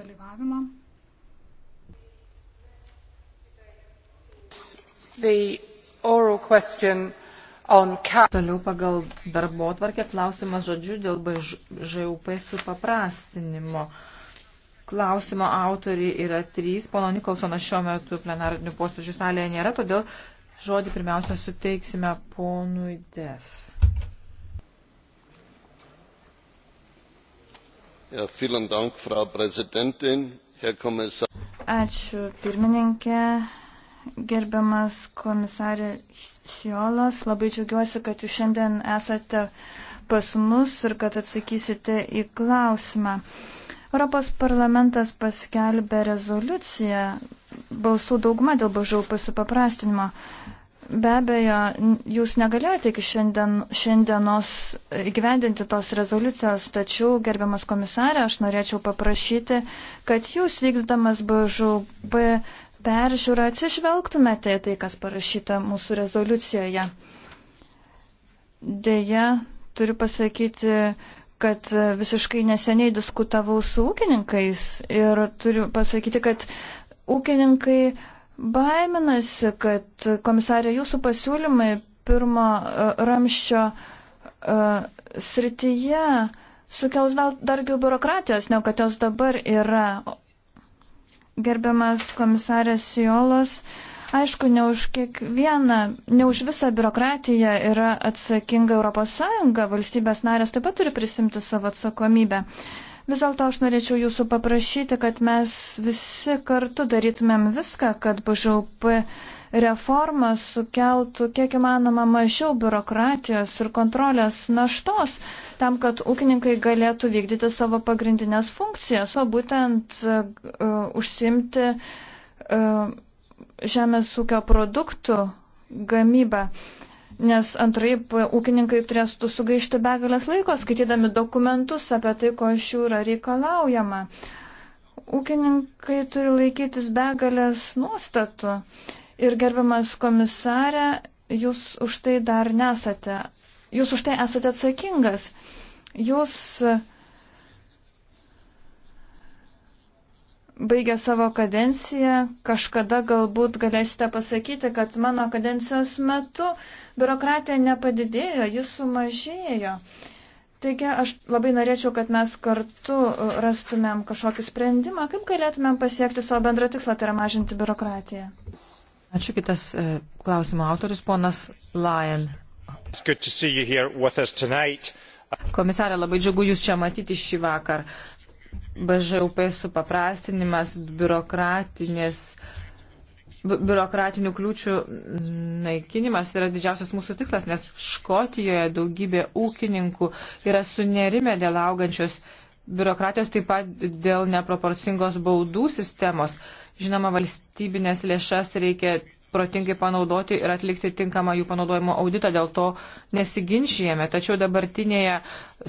dalyvavimą. On... Toliau pagal darbo atvarkę klausimas žodžiu dėl BŽUP supaprastinimo. Klausimo autoriai yra trys. Pono Nikolsono šiuo metu plenarinių posėdžių salėje nėra, todėl žodį pirmiausia suteiksime ponui Des. frau präsidentin herr kommissar! ačiū pirmininke gerbiamas komisare ciolos labai džiaugiuosi kad jūs šiandien esate pas mus ir kad atsakysite į klausimą. Europos parlamentas paskelbė rezoliuciją balsų dauguma dėl bažaupų supaprastinimo. Be abejo, jūs negalėjote iki šiandien, šiandienos įgyvendinti tos rezoliucijos, tačiau, gerbiamas komisarė, aš norėčiau paprašyti, kad jūs vykdydamas BŽUP peržiūrą atsižvelgtumėte į tai, kas parašyta mūsų rezoliucijoje. Deja, turiu pasakyti, kad visiškai neseniai diskutavau su ūkininkais ir turiu pasakyti, kad ūkininkai baiminasi, kad komisarė jūsų pasiūlymai pirmo e, ramščio e, srityje sukels dargiau biurokratijos, negu kad jos dabar yra. Gerbiamas komisarės Siolos, aišku, ne už kiekvieną, ne už visą biurokratiją yra atsakinga ES, valstybės narės taip pat turi prisimti savo atsakomybę. Uh, Vis dėlto aš norėčiau jūsų paprašyti, kad mes visi kartu darytumėm viską, kad BŽUP reforma sukeltų kiek įmanoma mažiau biurokratijos ir kontrolės naštos, tam, kad ūkininkai galėtų vykdyti savo pagrindinės funkcijas, o būtent uh, užsimti uh, žemės ūkio produktų gamybą. Uh, nes antraip ūkininkai turėstų sugaišti begalės laiko skaitydami dokumentus apie tai, ko iš jų yra reikalaujama. Ūkininkai turi laikytis begalės nuostatų ir gerbiamas komisarė, jūs už tai dar nesate, jūs už tai esate atsakingas. Jūs uh, baigę savo kadenciją, kažkada galbūt galėsite pasakyti, kad mano kadencijos metu biurokratija nepadidėjo, jis sumažėjo. Taigi aš labai norėčiau, kad mes kartu e, rastumėm kažkokį sprendimą, kaip galėtumėm pasiekti savo bendrą tikslą, tai yra mažinti biurokratiją. Ačiū kitas e, klausimo autoris, ponas Lion. Komisarė, labai džiugu Jūs čia matyti šį vakar. BŽUP supaprastinimas, biurokratinės biurokratinių kliūčių naikinimas yra didžiausias mūsų tikslas, nes Škotijoje daugybė ūkininkų yra sunerime dėl augančios biurokratijos, taip pat dėl neproporcingos baudų sistemos. Žinoma, valstybinės lėšas reikia protingai panaudoti ir atlikti tinkamą jų panaudojimo auditą. Dėl to nesiginčijame. Tačiau dabartinėje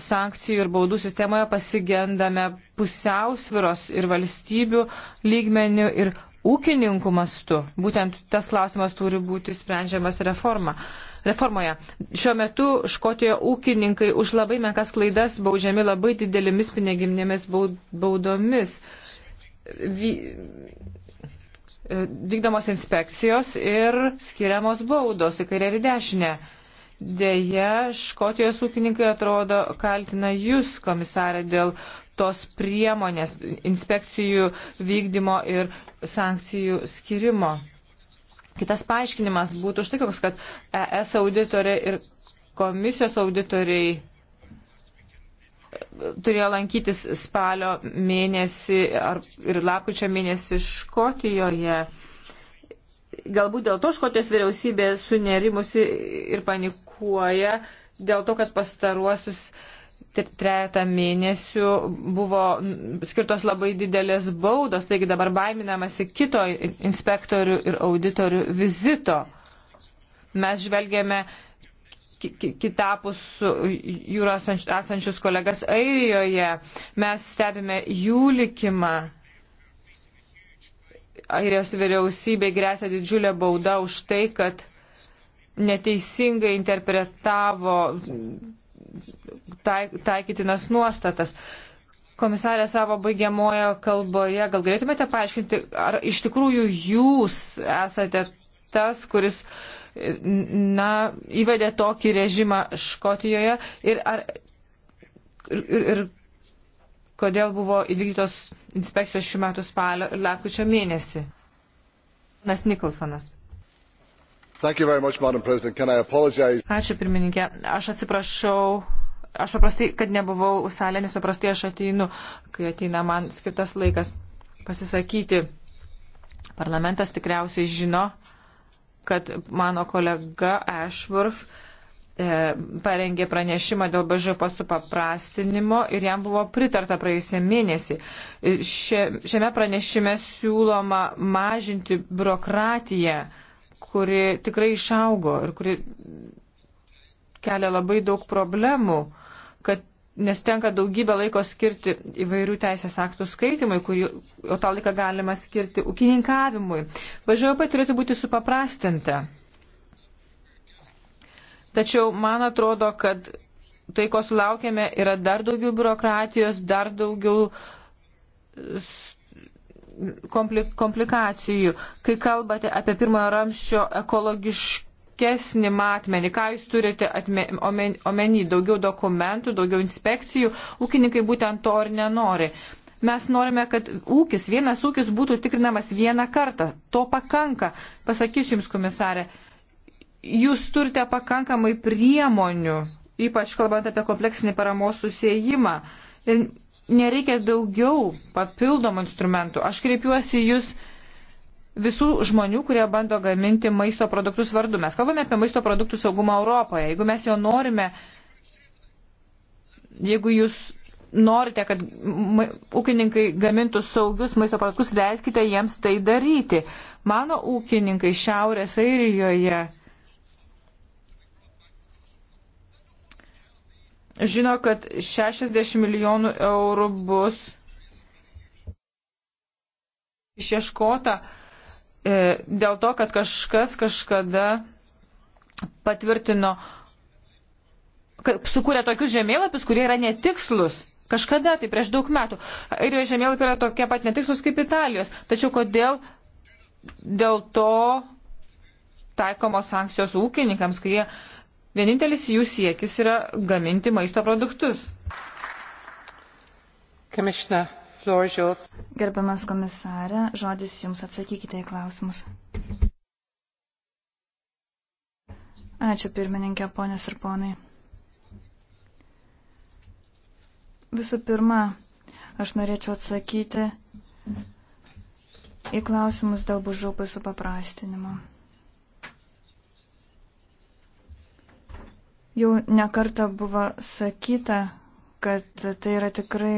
sankcijų ir baudų sistemoje pasigendame pusiausviros ir valstybių lygmenių ir ūkininkų mastu. Būtent tas klausimas turi būti sprendžiamas reforma. Reformoje. Šiuo metu Škotijoje ūkininkai už labai menkas klaidas baudžiami labai didelėmis piniginėmis baudomis. Vy E, vykdomos inspekcijos ir skiriamos baudos į kairę ir į dešinę. Deja, Škotijos ūkininkai atrodo kaltina jūs, komisarė, dėl tos priemonės inspekcijų vykdymo ir sankcijų skirimo. Kitas paaiškinimas būtų štai koks, kad ES auditoriai ir komisijos auditoriai turėjo lankytis spalio mėnesį ar, ir lapkričio mėnesį Škotijoje. Galbūt dėl to Škotijos vyriausybė sunerimusi ir panikuoja, dėl to, kad pastaruosius trejata mėnesių buvo skirtos labai didelės baudos, taigi dabar baiminamasi kito inspektorių ir auditorių vizito. Mes žvelgėme kitapus jūros esančius kolegas Airijoje. Mes stebime jų likimą. Airijos vyriausybė grėsia didžiulė bauda už tai, kad neteisingai interpretavo tai, taikytinas nuostatas. Komisarė savo baigiamojo kalboje, gal galėtumėte paaiškinti, ar iš tikrųjų jūs esate tas, kuris uh, na, įvedė tokį režimą Škotijoje ir, ar, ir, ir, ir kodėl buvo įvykdytos inspekcijos šių metų spalio ir lapkričio mėnesį. Nas Nikolsonas. Much, Ačiū pirmininkė. Aš atsiprašau. Aš paprastai, kad nebuvau salė, nes paprastai aš ateinu, kai ateina man skirtas laikas pasisakyti. Parlamentas tikriausiai žino, kad mano kolega Ashworth e, parengė pranešimą dėl BŽP supaprastinimo ir jam buvo pritarta praėjusią mėnesį. E, šia, šiame pranešime siūloma mažinti biurokratiją, kuri tikrai išaugo ir kuri kelia labai daug problemų nes tenka daugybę laiko skirti įvairių teisės aktų skaitimui, kurį, o tą laiką galima skirti ūkininkavimui. BŽP turėtų būti supaprastinta. Tačiau man atrodo, kad tai, ko sulaukėme, yra dar daugiau biurokratijos, dar daugiau komplikacijų. Kai kalbate apie pirmojo ramščio ekologiškų platesnį matmenį, ką jūs turite omeny, daugiau dokumentų, daugiau inspekcijų, ūkininkai būtent to ir nenori. Mes norime, kad ūkis, vienas ūkis būtų tikrinamas vieną kartą. To pakanka. Pasakysiu Jums, komisarė, Jūs turite pakankamai priemonių, ypač kalbant apie kompleksinį paramos susijimą. Ir nereikia daugiau papildomų instrumentų. Aš kreipiuosi Jūs visų žmonių, kurie bando gaminti maisto produktus vardu. Mes kalbame apie maisto produktų saugumą Europoje. Jeigu mes jo norime, jeigu jūs norite, kad ūkininkai gamintų saugius maisto produktus, leiskite jiems tai daryti. Mano ūkininkai Šiaurės Airijoje žino, kad 60 milijonų eurų bus išieškota uh, E, dėl to, kad kažkas kažkada patvirtino, kad sukūrė tokius žemėlapius, kurie yra netikslus. Kažkada, tai prieš daug metų. Airijos žemėlapiai yra tokie pat netikslus kaip Italijos. Tačiau kodėl dėl to taikomos sankcijos ūkininkams, kai jie vienintelis jų siekis yra gaminti maisto produktus? Commissioner. Gerbiamas komisarė, žodis Jums atsakykite į klausimus. Ačiū pirmininkė, ponės ir ponai. Visų pirma, aš norėčiau atsakyti į klausimus dėl bužaupai supaprastinimo. Jau nekarta buvo sakyta, kad tai yra tikrai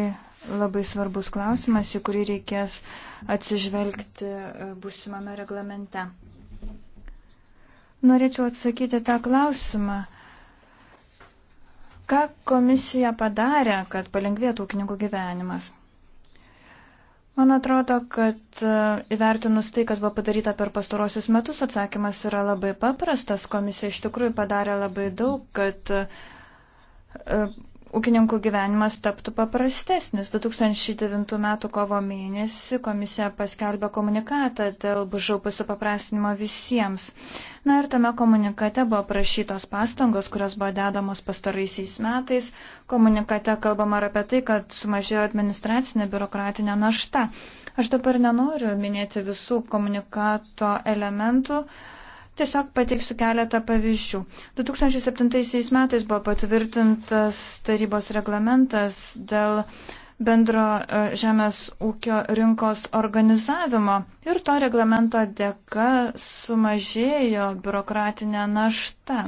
labai svarbus klausimas, į kurį reikės atsižvelgti e, būsimame reglamente. Norėčiau atsakyti tą klausimą. Ką komisija padarė, kad palengvėtų ūkininkų gyvenimas? Man atrodo, kad e, įvertinus tai, kas buvo padaryta per pastarosius metus, atsakymas yra labai paprastas. Komisija iš tikrųjų padarė labai daug, kad e, ūkininkų gyvenimas taptų paprastesnis. 2009 m. kovo mėnesį komisija paskelbė komunikatą dėl bužaupų supaprastinimo visiems. Na ir tame komunikate buvo prašytos pastangos, kurios buvo dedamos pastaraisiais metais. Komunikate kalbama ir apie tai, kad sumažėjo administracinė biurokratinė našta. Aš dabar nenoriu minėti visų komunikato elementų. Uh, Tiesiog pateiksiu keletą pavyzdžių. 2007 metais buvo patvirtintas tarybos reglamentas dėl bendro e, žemės ūkio rinkos organizavimo ir to reglamento dėka sumažėjo biurokratinė našta.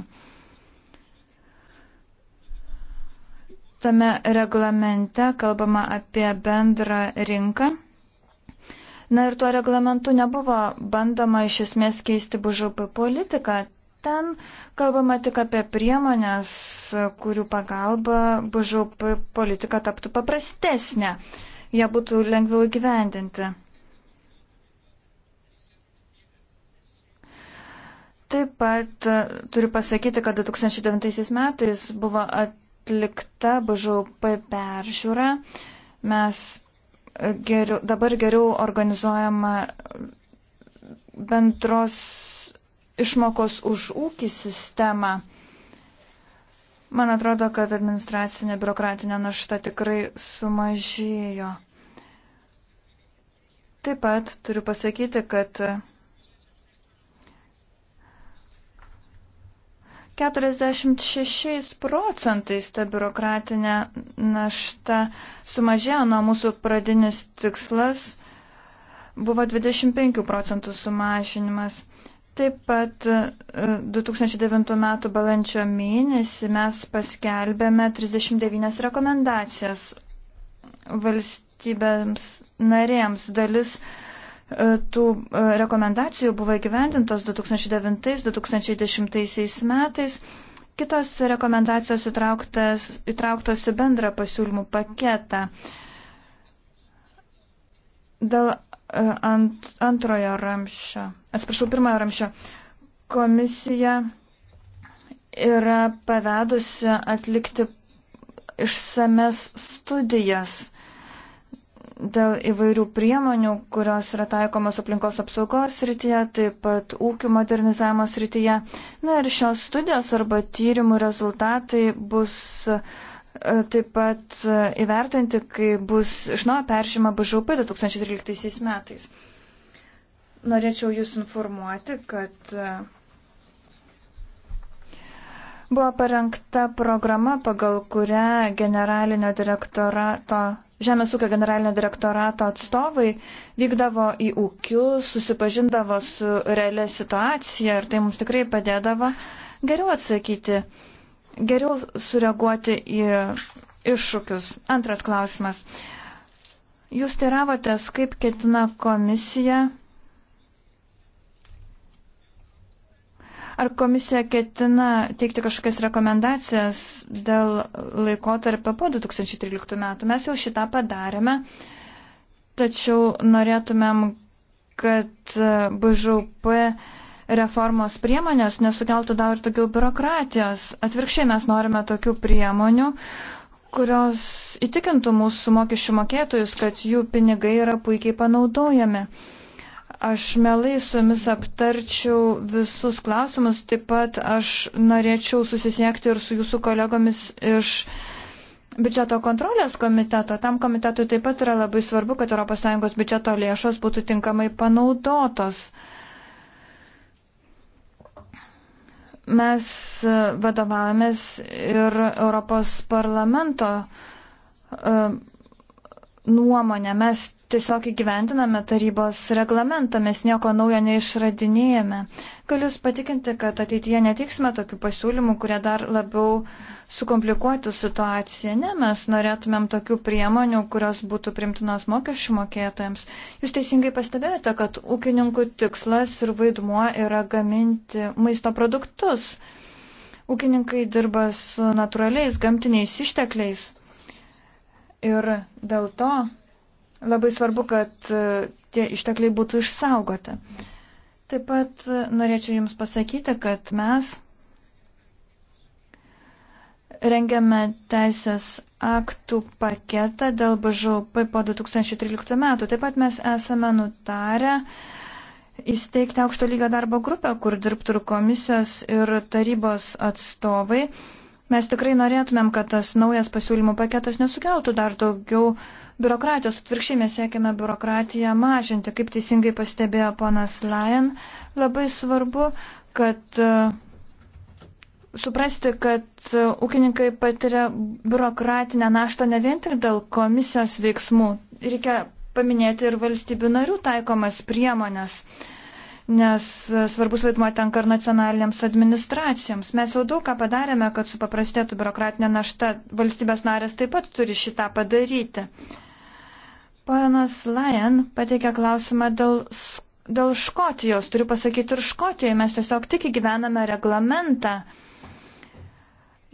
Tame reglamente kalbama apie bendrą rinką Na ir tuo reglamentu nebuvo bandoma iš esmės keisti bužupų politiką. Ten kalbama tik apie priemonės, kurių pagalba bužupų politika taptų paprastesnė. Jie būtų lengviau įgyvendinti. Taip pat e, turiu pasakyti, kad 2009 metais buvo atlikta BŽP peržiūra. Mes geriau, dabar geriau organizuojama bendros išmokos už ūkį sistemą. Man atrodo, kad administracinė biurokratinė našta tikrai sumažėjo. Taip pat turiu pasakyti, kad 46 procentais ta biurokratinė našta sumažėjo nuo mūsų pradinis tikslas buvo 25 procentų sumažinimas. Taip pat 2009 e, m. balandžio mėnesį mes paskelbėme 39 rekomendacijas valstybėms narėms. Dalis uh, E, tų e, rekomendacijų buvo įgyvendintos 2009-2010 metais. Kitos rekomendacijos įtrauktos į bendrą pasiūlymų paketą. Dėl e, ant, antrojo ramščio, atsiprašau, pirmojo ramščio, komisija yra pavedusi atlikti išsames studijas dėl įvairių priemonių, kurios yra taikomos aplinkos apsaugos srityje, taip pat ūkių modernizavimo srityje. Na ir šios studijos arba tyrimų rezultatai bus e, taip pat e, įvertinti, kai bus iš naujo peržyma BŽUP 2013 metais. Norėčiau Jūs informuoti, kad e, buvo parengta programa, pagal kurią generalinio direktorato Žemės ūkio generalinio direktorato atstovai vykdavo į ūkius, susipažindavo su realia situacija ir tai mums tikrai padėdavo geriau atsakyti, geriau sureaguoti į iššūkius. Antras klausimas. Jūs teravotės, kaip ketina komisija Ar komisija ketina teikti kažkokias rekomendacijas dėl laikotarpio po 2013 metų? Mes jau šitą padarėme, tačiau norėtumėm, kad e, BŽP reformos priemonės nesukeltų dar ir tokių biurokratijos. Atvirkščiai mes norime tokių priemonių, kurios įtikintų mūsų mokesčių mokėtojus, kad jų pinigai yra puikiai panaudojami. Aš melai su jumis aptarčiau visus klausimus, taip pat aš norėčiau susisiekti ir su jūsų kolegomis iš biudžeto kontrolės komiteto. Tam komitetui taip pat yra labai svarbu, kad ES biudžeto lėšos būtų tinkamai panaudotos. Mes vadovavomės ir Europos parlamento e, nuomonę. Mes tiesiog įgyvendiname tarybos reglamentą, mes nieko naujo neišradinėjame. Galiu jūs patikinti, kad ateityje neteiksime tokių pasiūlymų, kurie dar labiau sukomplikuotų situaciją. Ne, mes norėtumėm tokių priemonių, kurios būtų primtinos mokesčių mokėtojams. Jūs teisingai pastebėjote, kad ūkininkų tikslas ir vaidmuo yra gaminti maisto produktus. Ūkininkai dirba su natūraliais gamtiniais ištekliais. Ir dėl to Labai svarbu, kad e, tie ištekliai būtų išsaugoti. Taip pat e, norėčiau Jums pasakyti, kad mes rengiame teisės aktų paketą dėl BŽUP po 2013 metų. Taip pat mes esame nutarę įsteigti aukšto lygio darbo grupę, kur dirbtų ir komisijos ir tarybos atstovai. Mes tikrai norėtumėm, kad tas naujas pasiūlymų paketas nesukeltų dar daugiau uh, biurokratijos, atvirkščiai mes siekiame biurokratiją mažinti, kaip teisingai pastebėjo ponas Lajan. Labai svarbu, kad e, suprasti, kad e, ūkininkai patiria biurokratinę naštą ne vien tik dėl komisijos veiksmų. Reikia paminėti ir valstybių narių taikomas priemonės, nes e, svarbus vaidmuo tenka ir nacionalinėms administracijoms. Mes jau daug ką padarėme, kad supaprastėtų biurokratinė našta. Valstybės narės taip pat turi šitą padaryti. Ponas Lajan pateikė klausimą dėl, dėl Škotijos. Turiu pasakyti ir Škotijoje, mes tiesiog tik įgyvename reglamentą.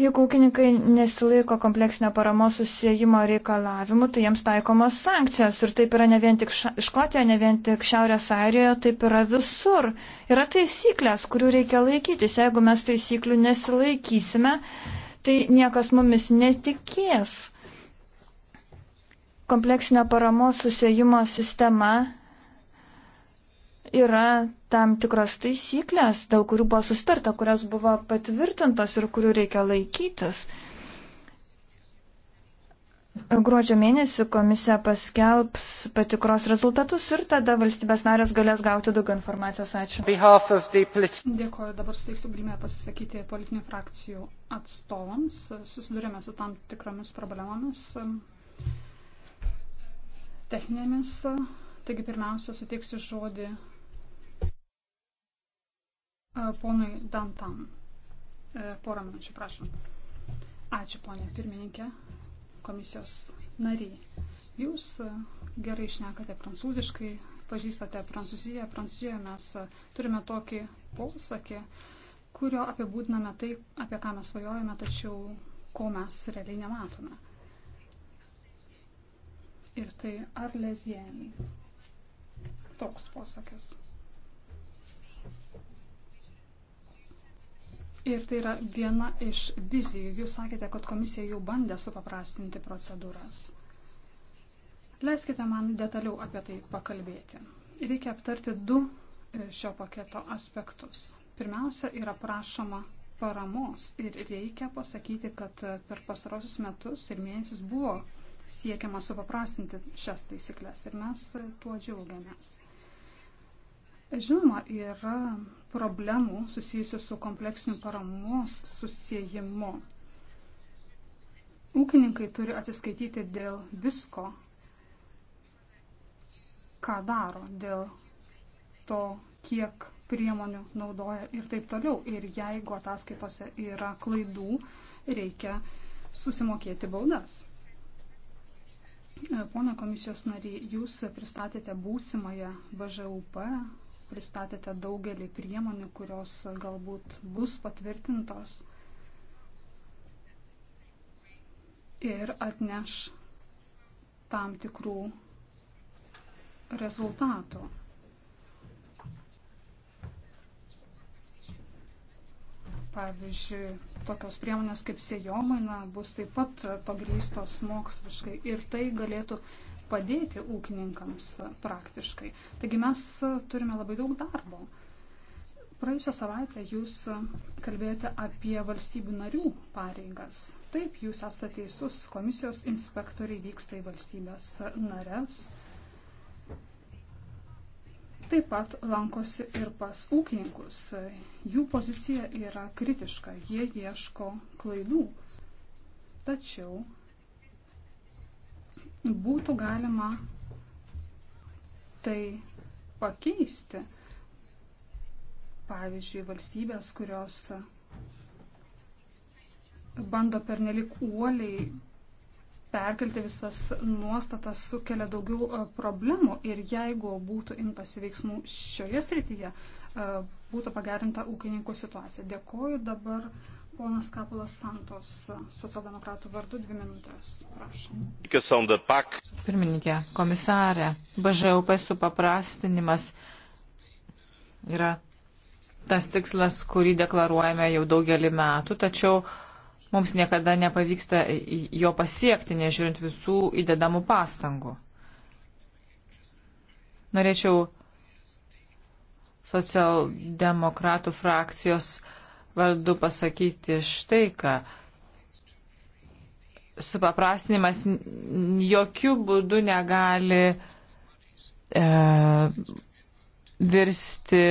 Jeigu ūkininkai nesilaiko kompleksinio paramos susijimo reikalavimų, tai jiems taikomos sankcijos. Ir taip yra ne vien tik Škotijoje, ne vien tik Šiaurės Airijoje, taip yra visur. Yra taisyklės, kurių reikia laikytis. Jeigu mes taisyklių nesilaikysime, tai niekas mumis netikės kompleksinio paramos susijimo sistema yra tam tikros taisyklės, dėl kurių buvo sustarta, kurios buvo patvirtintos ir kurių reikia laikytis. Gruodžio mėnesį komisija paskelbs patikros rezultatus ir tada valstybės narės galės gauti daugiau informacijos. Ačiū. Dėkoju, dabar suteiksiu galimybę pasisakyti politinių frakcijų atstovams. Susidurėme su tam tikromis problemomis techninėmis. Taigi pirmiausia, suteiksiu žodį e, ponui Dantam. E, porą minučių, prašom. Ačiū, ponė pirmininkė, komisijos nariai. Jūs e, gerai išnekate prancūziškai, pažįstate Prancūziją. Prancūzijoje mes turime tokį posakį, kurio apibūdiname tai, apie ką mes svajojame, tačiau ko mes realiai nematome. Ir tai ar lesbienį. Toks posakis. Ir tai yra viena iš vizijų. Jūs sakėte, kad komisija jau bandė supaprastinti procedūras. Leiskite man detaliau apie tai pakalbėti. Reikia aptarti du e, šio paketo aspektus. Pirmiausia, yra prašoma paramos ir reikia pasakyti, kad e, per pastarosius metus ir mėnesius buvo siekiama supaprastinti šias taisyklės ir mes tuo džiaugiamės. Žinoma, yra problemų susijusių su kompleksiniu paramos susijimu. Ūkininkai turi atsiskaityti dėl visko, ką daro, dėl to, kiek priemonių naudoja ir taip toliau. Ir jeigu ataskaitose yra klaidų, reikia susimokėti baudas. Pone komisijos nariai, jūs pristatėte būsimąją BŽUP, pristatėte daugelį priemonių, kurios galbūt bus patvirtintos ir atneš tam tikrų rezultatų. Pavyzdžiui, tokios priemonės kaip sėjomaina bus taip pat pagrystos moksliškai ir tai galėtų padėti ūkininkams praktiškai. Taigi mes turime labai daug darbo. Praėjusią savaitę jūs kalbėjote apie valstybių narių pareigas. Taip, jūs esate teisus, komisijos inspektoriai vyksta į valstybės nares taip pat lankosi ir pas ūkininkus. Jų pozicija yra kritiška, jie ieško klaidų. Tačiau būtų galima tai pakeisti. Pavyzdžiui, valstybės, kurios bando pernelik uoliai perkelti visas nuostatas sukelia daugiau e, problemų ir jeigu būtų imtasi veiksmų šioje srityje, e, būtų pagerinta ūkininkų situacija. Dėkoju dabar ponas Kapulas Santos, socialdemokratų vardu, dvi minutės. Prašom. Pirmininkė, komisarė, BŽUP supaprastinimas yra tas tikslas, kurį deklaruojame jau daugelį metų, tačiau Mums niekada nepavyksta jo pasiekti, nežiūrint visų įdedamų pastangų. Norėčiau socialdemokratų frakcijos vardu pasakyti štai ką supaprastinimas jokių būdų negali e, virsti,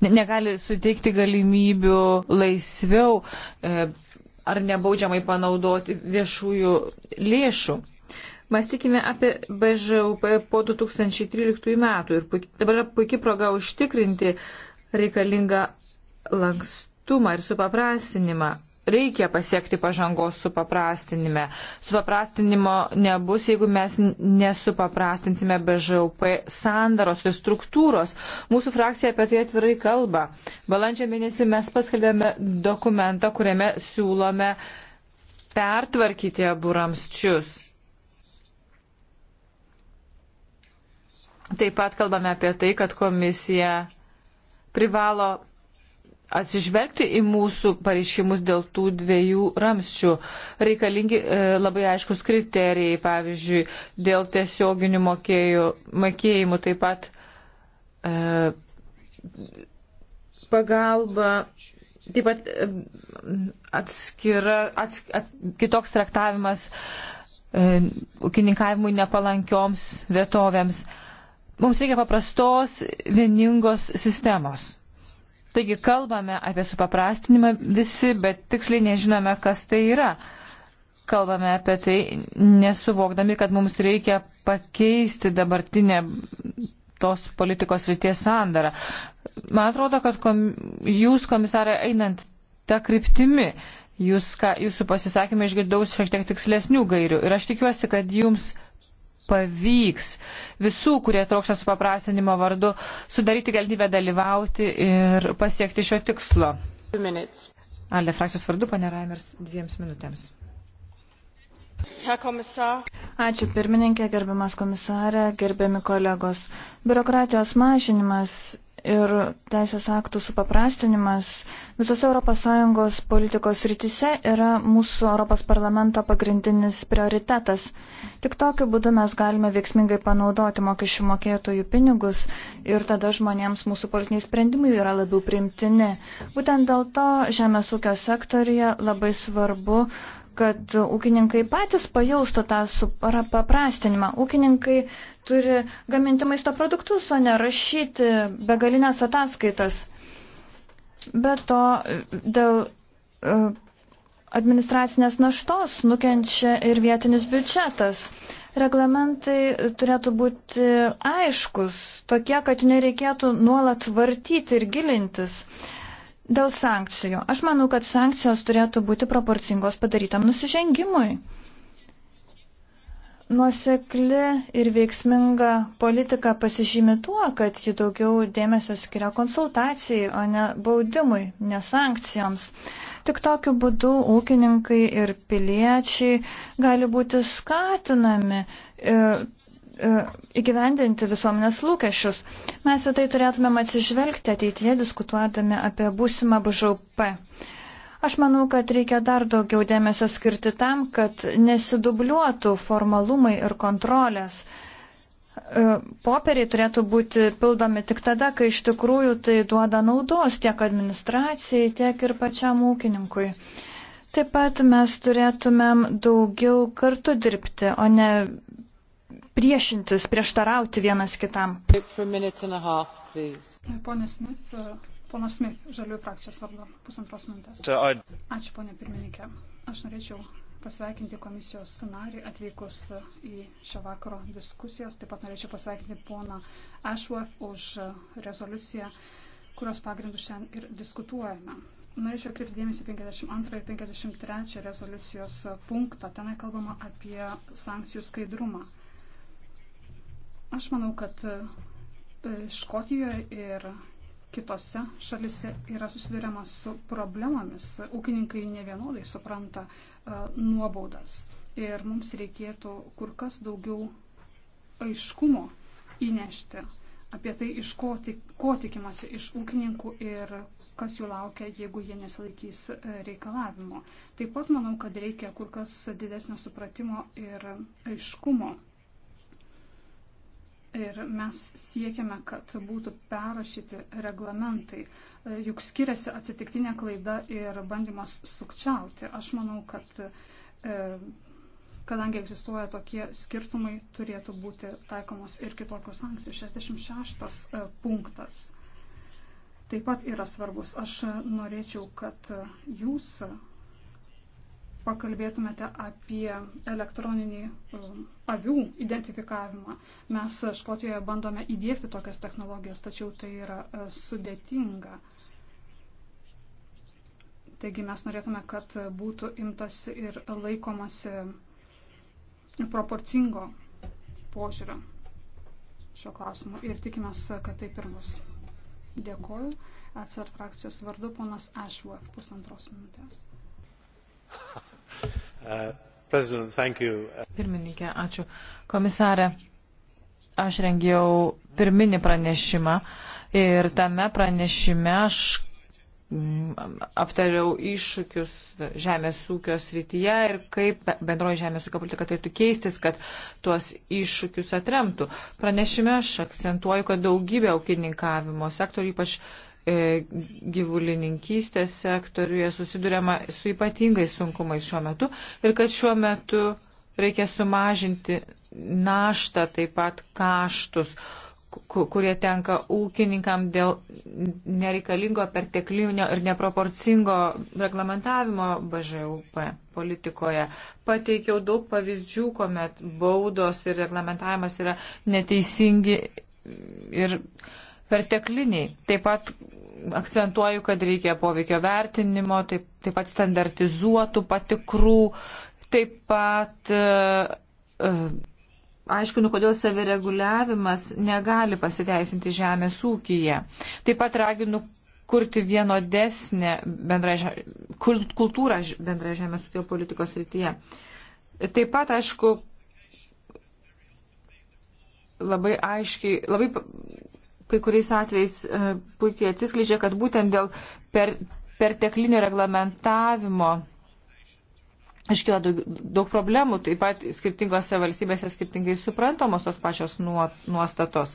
ne, negali suteikti galimybių laisviau e, ar nebaudžiamai panaudoti viešųjų lėšų. Mąstykime apie BŽUP po 2013 metų ir puik, dabar yra puikia proga užtikrinti reikalingą lankstumą ir supaprastinimą reikia pasiekti pažangos supaprastinime. Supaprastinimo nebus, jeigu mes nesupaprastinsime BŽUP sandaros ir struktūros. Mūsų frakcija apie tai atvirai kalba. Balandžio mėnesį mes paskelbėme dokumentą, kuriame siūlome pertvarkyti abu ramščius. Taip pat kalbame apie tai, kad komisija privalo atsižvelgti į mūsų pareiškimus dėl tų dviejų ramščių. Reikalingi e, labai aiškus kriterijai, pavyzdžiui, dėl tiesioginių mokėjų, mokėjimų, taip pat e, pagalba, taip pat e, atskira, ats, at, kitoks traktavimas e, ūkininkavimui nepalankioms vietovėms. Mums reikia paprastos, vieningos sistemos. Taigi kalbame apie supaprastinimą visi, bet tiksliai nežinome, kas tai yra. Kalbame apie tai nesuvokdami, kad mums reikia pakeisti dabartinę tos politikos ryties sandarą. Man atrodo, kad kom, jūs, komisarė, einant tą kryptimį, jūs, ką, jūsų pasisakymą išgirdau šiek tiek tikslesnių gairių ir aš tikiuosi, kad jums pavyks visų, kurie trokšta supaprastinimo vardu, sudaryti galimybę dalyvauti ir pasiekti šio tikslo. Alde frakcijos vardu, pane Raimers, dviems minutėms. Ačiū pirmininkė, gerbiamas komisarė, gerbiami kolegos. Biurokratijos mažinimas ir teisės aktų supaprastinimas visose ES politikos rytise yra mūsų ES parlamento pagrindinis prioritetas. Tik tokiu būdu mes galime veiksmingai panaudoti mokesčių mokėtojų pinigus ir tada žmonėms mūsų politiniai sprendimai yra labiau priimtini. Būtent dėl to žemės ūkio sektorija labai svarbu kad ūkininkai patys pajaustų tą paprastinimą. Ūkininkai turi gaminti maisto produktus, o ne rašyti begalinės ataskaitas. Be to, dėl e, administracinės naštos nukenčia ir vietinis biudžetas. Reglamentai turėtų būti aiškus, tokie, kad nereikėtų nuolat vartyti ir gilintis. Uh, Dėl sankcijų. Aš manau, kad sankcijos turėtų būti proporcingos padarytam nusižengimui. Nuosekli ir veiksminga politika pasižymi tuo, kad ji daugiau dėmesio skiria konsultacijai, o ne baudimui, ne sankcijoms. Tik tokiu būdu ūkininkai ir piliečiai gali būti skatinami e, E, įgyvendinti visuomenės lūkesčius. Mes į tai turėtumėm atsižvelgti ateityje diskutuodami apie būsimą BŽP. Aš manau, kad reikia dar daugiau dėmesio skirti tam, kad nesidubliuotų formalumai ir kontrolės. E, Poperiai turėtų būti pildomi tik tada, kai iš tikrųjų tai duoda naudos tiek administracijai, tiek ir pačiam ūkininkui. Taip pat mes turėtumėm daugiau kartu dirbti, o ne priešintis, prieštarauti vienas kitam. Half, Pone Smith, e, Pono Smith, Žaliųjų frakcijos vardu, pusantros minutės. Ačiū, ponė pirmininkė. Aš norėčiau pasveikinti komisijos scenarį atvykus į šio vakaro diskusijas. Taip pat norėčiau pasveikinti poną Ashworth už rezoliuciją, kurios pagrindų šiandien ir diskutuojame. Norėčiau atkreipti dėmesį 52 ir 53 rezoliucijos punktą. Tenai kalbama apie sankcijų skaidrumą. Aš manau, kad e, Škotijoje ir kitose šalise yra susidurima su problemomis. Ūkininkai nevienodai supranta e, nuobaudas ir mums reikėtų kur kas daugiau aiškumo įnešti apie tai, iš ko, tik, ko tikimasi iš ūkininkų ir kas jų laukia, jeigu jie nesilaikys e, reikalavimo. Taip pat manau, kad reikia kur kas didesnio supratimo ir aiškumo Ir mes siekiame, kad būtų perrašyti reglamentai. Juk skiriasi atsitiktinė klaida ir bandymas sukčiauti. Aš manau, kad e, kadangi egzistuoja tokie skirtumai, turėtų būti taikomos ir kitokios sankcijos. 66 e, punktas taip pat yra svarbus. Aš norėčiau, kad jūs pakalbėtumėte apie elektroninį um, avių identifikavimą. Mes Škotijoje bandome įdėkti tokias technologijas, tačiau tai yra e, sudėtinga. Taigi mes norėtume, kad būtų imtasi ir laikomasi proporcingo požiūrio šio klausimu ir tikimės, kad taip ir bus. Dėkoju. Atsar frakcijos vardu ponas Ashworth pusantros minutės. Uh, Pirmininkė, ačiū. Komisarė, aš rengiau pirminį pranešimą ir tame pranešime aš mm, aptariau iššūkius žemės ūkio srityje ir kaip bendroji žemės ūkio politika turėtų keistis, kad tuos iššūkius atremtų. Pranešime aš akcentuoju, kad daugybė aukininkavimo sektorių, ypač E, gyvulininkystės sektoriuje susidurėma su ypatingais sunkumais šiuo metu ir kad šiuo metu reikia sumažinti naštą, taip pat kaštus, kurie tenka ūkininkam dėl nereikalingo perteklinio ir neproporcingo reglamentavimo BŽUP politikoje. Pateikiau daug pavyzdžių, kuomet baudos ir reglamentavimas yra neteisingi ir pertekliniai. Taip pat akcentuoju, kad reikia poveikio vertinimo, taip, taip pat standartizuotų patikrų, taip pat e, e, aiškinu, kodėl savireguliavimas negali pasiteisinti žemės ūkyje. Taip pat raginu kurti vienodesnę bendra, kultūrą bendra žemės ūkio politikos rytyje. Taip pat, aišku, labai aiškiai, labai kai kuriais atvejais e, puikiai atsiskleidžia, kad būtent dėl per, perteklinio reglamentavimo iškyla daug, daug problemų, taip pat skirtingose valstybėse skirtingai suprantamos tos pačios nuostatos.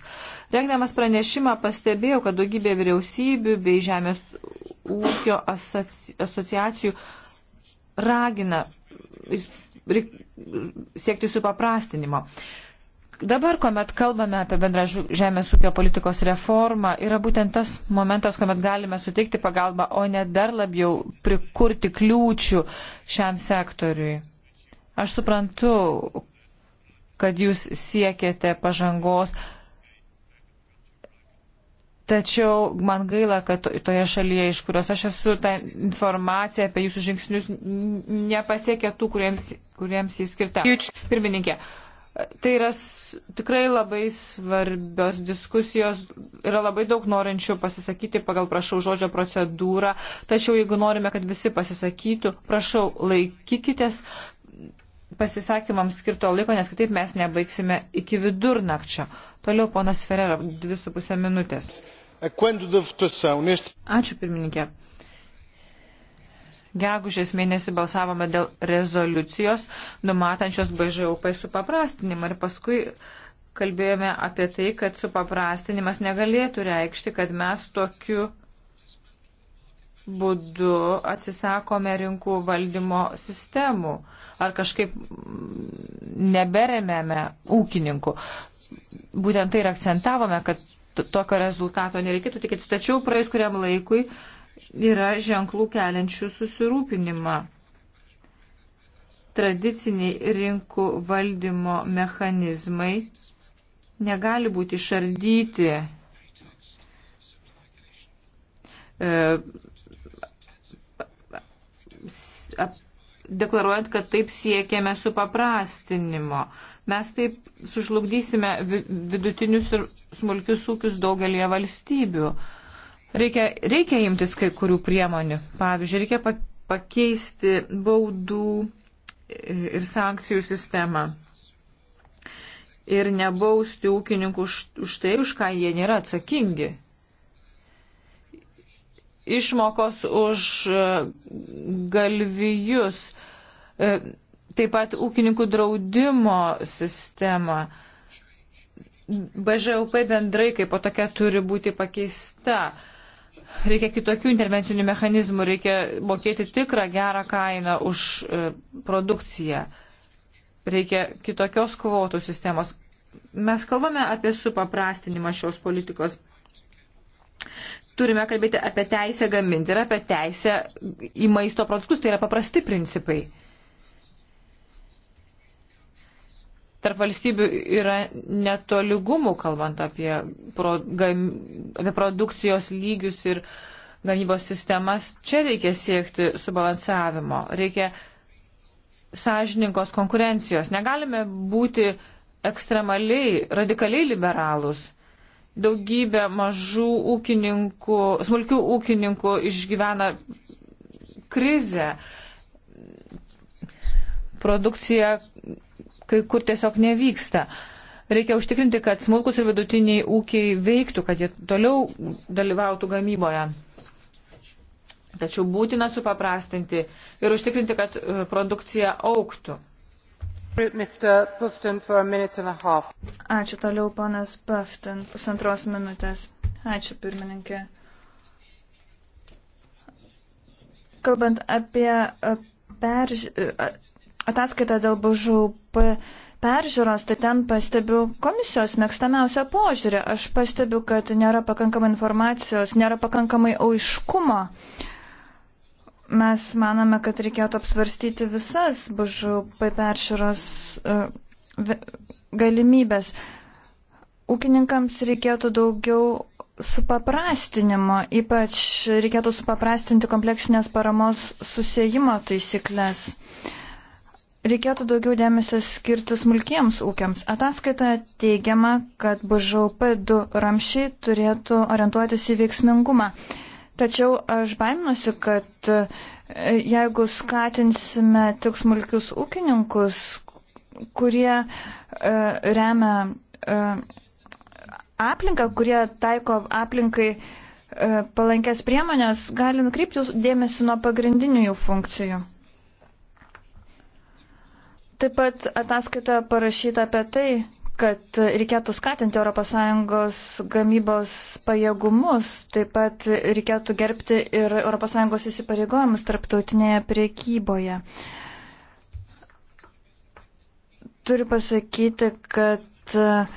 Rengdamas pranešimą pastebėjau, kad daugybė vyriausybių bei žemės ūkio asociacijų ragina siekti supaprastinimo. paprastinimo. Dabar, kuomet kalbame apie bendrą žemės ūkio politikos reformą, yra būtent tas momentas, kuomet galime suteikti pagalbą, o ne dar labiau prikurti kliūčių šiam sektoriui. Aš suprantu, kad jūs siekėte pažangos, tačiau man gaila, kad toje šalyje, iš kurios aš esu, ta informacija apie jūsų žingsnius nepasiekė tų, kuriems, kuriems jis skirta. Pirmininkė. Tai yra tikrai labai svarbios diskusijos, yra labai daug norinčių pasisakyti pagal prašau žodžio procedūrą, tačiau jeigu norime, kad visi pasisakytų, prašau laikykitės pasisakymams skirto laiko, nes kitaip mes nebaigsime iki vidurnakčio. Toliau ponas Ferrera, dvi su pusė minutės. Ačiū pirmininkė. Gegužės mėnesį balsavome dėl rezoliucijos, numatančios BŽUP supaprastinimą ir paskui kalbėjome apie tai, kad supaprastinimas negalėtų reikšti, kad mes tokiu būdu atsisakome rinkų valdymo sistemų ar kažkaip neberemėme ūkininkų. Būtent tai ir akcentavome, kad tokio rezultato nereikėtų tikėtis. Tačiau praeis kuriam laikui uh, yra ženklų keliančių susirūpinimą. Tradiciniai rinkų valdymo mechanizmai negali būti išardyti e, deklaruojant, kad taip siekiame supaprastinimo. Mes taip sužlugdysime vidutinius ir smulkius ūkius daugelie valstybių. Reikia, reikia imtis kai kurių priemonių. Pavyzdžiui, reikia pakeisti baudų e, ir sankcijų sistemą. Ir nebausti ūkininkų už, už tai, už ką jie nėra atsakingi. Išmokos už e, galvijus, e, taip pat ūkininkų draudimo sistema. BŽUP bendrai kaip po tokia turi būti pakeista Reikia kitokių intervencinių mechanizmų, reikia mokėti tikrą gerą kainą už e, produkciją. Reikia kitokios kvotų sistemos. Mes kalbame apie supaprastinimą šios politikos. Turime kalbėti apie teisę gaminti ir apie teisę į maisto produktus. Tai yra paprasti principai. tarp valstybių yra netoligumų, kalbant apie, pro, gam, apie produkcijos lygius ir gamybos sistemas. Čia reikia siekti subalansavimo, reikia sąžininkos konkurencijos. Negalime būti ekstremaliai, radikaliai liberalus. Daugybė mažų ūkininkų, smulkių ūkininkų išgyvena krizę. Produkcija kai kur tiesiog nevyksta. Reikia užtikrinti, kad smulkus ir vidutiniai ūkiai veiktų, kad jie toliau dalyvautų gamyboje. Tačiau būtina supaprastinti ir užtikrinti, kad e, produkcija auktų. Ačiū toliau, ponas Pufton, pusantros minutės. Ačiū, pirmininkė. Kalbant apie e, perž... E, ataskaitą dėl BŽUP peržiūros, tai ten pastebiu komisijos mėgstamiausią požiūrį. Aš pastebiu, kad nėra pakankamai informacijos, nėra pakankamai aiškumo. Mes manome, kad reikėtų apsvarstyti visas BŽUP peržiūros e, galimybės. Ūkininkams reikėtų daugiau supaprastinimo, ypač reikėtų supaprastinti kompleksinės paramos susijimo taisyklės. Uh, Reikėtų daugiau dėmesio skirti smulkiems ūkiams. Ataskaitoje teigiama, kad BŽP 2 ramšiai turėtų orientuotis į veiksmingumą. Tačiau aš baiminuosi, kad e, jeigu skatinsime tik smulkius ūkininkus, kurie e, remia e, aplinką, kurie taiko aplinkai e, palankės priemonės, gali nukrypti dėmesį nuo pagrindinių jų funkcijų. Taip pat ataskaita parašyta apie tai, kad reikėtų skatinti ES gamybos pajėgumus, taip pat reikėtų gerbti ir ES įsipareigojimus tarptautinėje priekyboje. Turiu pasakyti, kad e,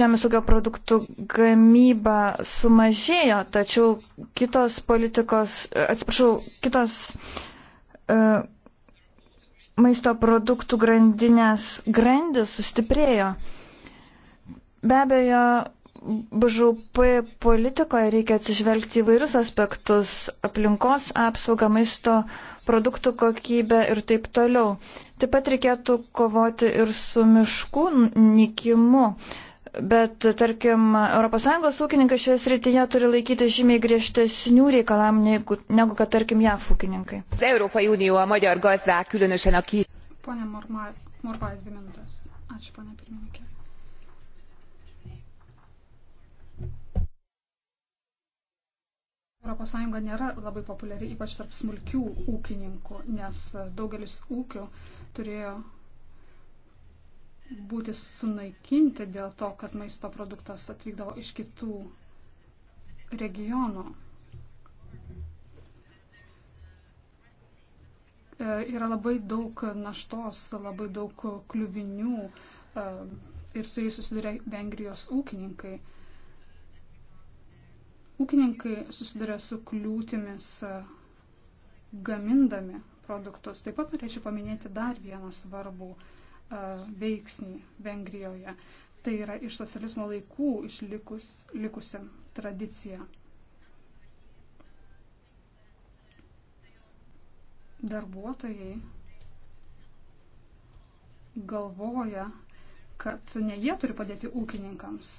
žemės ūkio produktų gamyba sumažėjo, tačiau kitos politikos, e, atsiprašau, kitos. Uh, maisto produktų grandinės grandis sustiprėjo. Be abejo, BŽP politikoje reikia atsižvelgti į vairius aspektus - aplinkos apsaugą, maisto produktų kokybę ir taip toliau. Taip pat reikėtų kovoti ir su miškų nikimu. Bet, tarkim, ES ūkininkai šioje srityje turi laikyti žymiai griežtesnių reikalavimų negu, negu kad, tarkim, JAF ūkininkai. Pone Mormai, Mormai, dvi minutės. Ačiū, pone pirmininkė. ES nėra labai populiari, ypač tarp smulkių ūkininkų, nes daugelis ūkių turėjo būti sunaikinti dėl to, kad maisto produktas atvykdavo iš kitų regionų. E, yra labai daug naštos, labai daug kliuvinių e, ir su jais susiduria Vengrijos ūkininkai. Ūkininkai susiduria su kliūtimis e, gamindami produktus. Taip pat norėčiau paminėti dar vieną svarbų uh, veiksnį Vengrijoje. Tai yra iš socializmo laikų išlikus, likusi tradicija. Darbuotojai galvoja, kad ne jie turi padėti ūkininkams,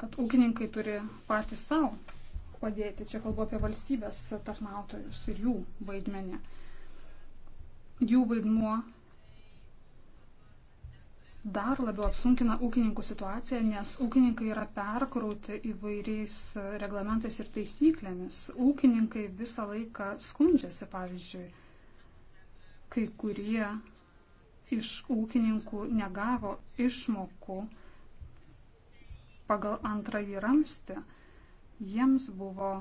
kad ūkininkai turi patys savo padėti. Čia kalbu apie valstybės tarnautojus ir jų vaidmenį. Jų vaidmuo dar labiau apsunkina ūkininkų situaciją, nes ūkininkai yra perkrauti įvairiais e, reglamentais ir taisyklėmis. Ūkininkai visą laiką skundžiasi, pavyzdžiui, kai kurie iš ūkininkų negavo išmokų pagal antrąjį ramstį. Jiems buvo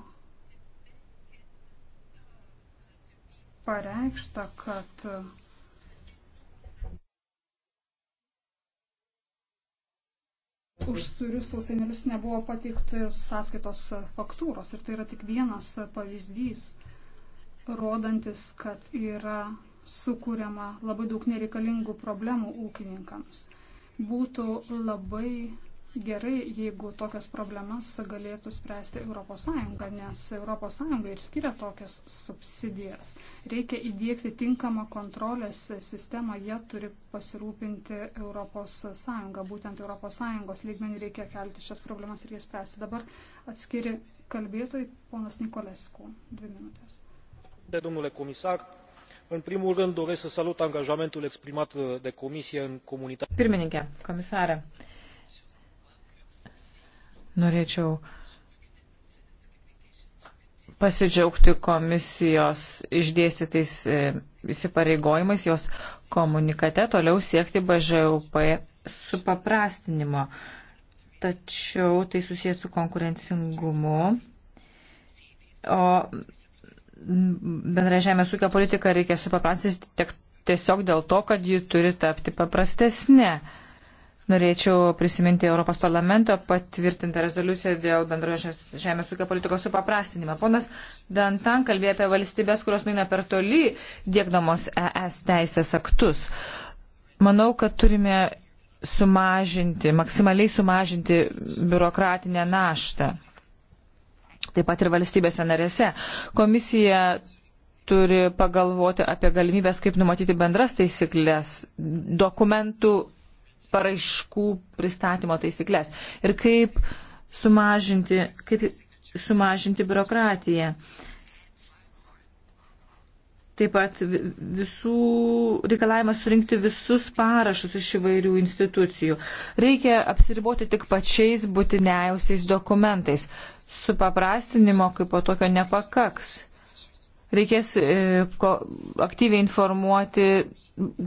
pareikšta, kad už suristo senelius nebuvo pateiktos sąskaitos faktūros. Ir tai yra tik vienas pavyzdys, rodantis, kad yra sukūriama labai daug nereikalingų problemų ūkininkams. Būtų labai gerai, jeigu tokias problemas galėtų spręsti ES, nes ES ir skiria tokias subsidijas. Reikia įdėkti tinkamą kontrolės sistemą, jie turi pasirūpinti ES. Būtent ES lygmenį reikia kelti šias problemas ir jas spręsti. Dabar atskiri kalbėtojai, ponas Nikolescu, dvi minutės. Domnule komisar, în primul rând doresc să salut angajamentul exprimat de comisie în comunitate. Pirmininkė, komisarė, Norėčiau pasidžiaugti komisijos išdėstytais e, įsipareigojimais, jos komunikate toliau siekti BŽUP supaprastinimo. Tačiau tai susijęs su konkurencingumu. O bendra žemės ūkio politika reikia supaprastinti tiesiog dėl to, kad ji turi tapti paprastesnė. Norėčiau prisiminti Europos parlamento patvirtintą rezoliuciją dėl bendrojo žemės ūkio politikos supaprastinimą. Ponas Dantan kalbėjo apie valstybės, kurios nuina per toli dėkdamos ES teisės aktus. Manau, kad turime sumažinti, maksimaliai sumažinti biurokratinę naštą. Taip pat ir valstybėse narėse. Komisija turi pagalvoti apie galimybės, kaip numatyti bendras taisyklės dokumentų paraiškų pristatymo taisyklės ir kaip sumažinti, kaip sumažinti biurokratiją. Taip pat visų reikalavimas surinkti visus parašus iš įvairių institucijų. Reikia apsiriboti tik pačiais būtiniausiais dokumentais. Supaprastinimo kaip po tokio nepakaks. Reikės e, ko, aktyviai informuoti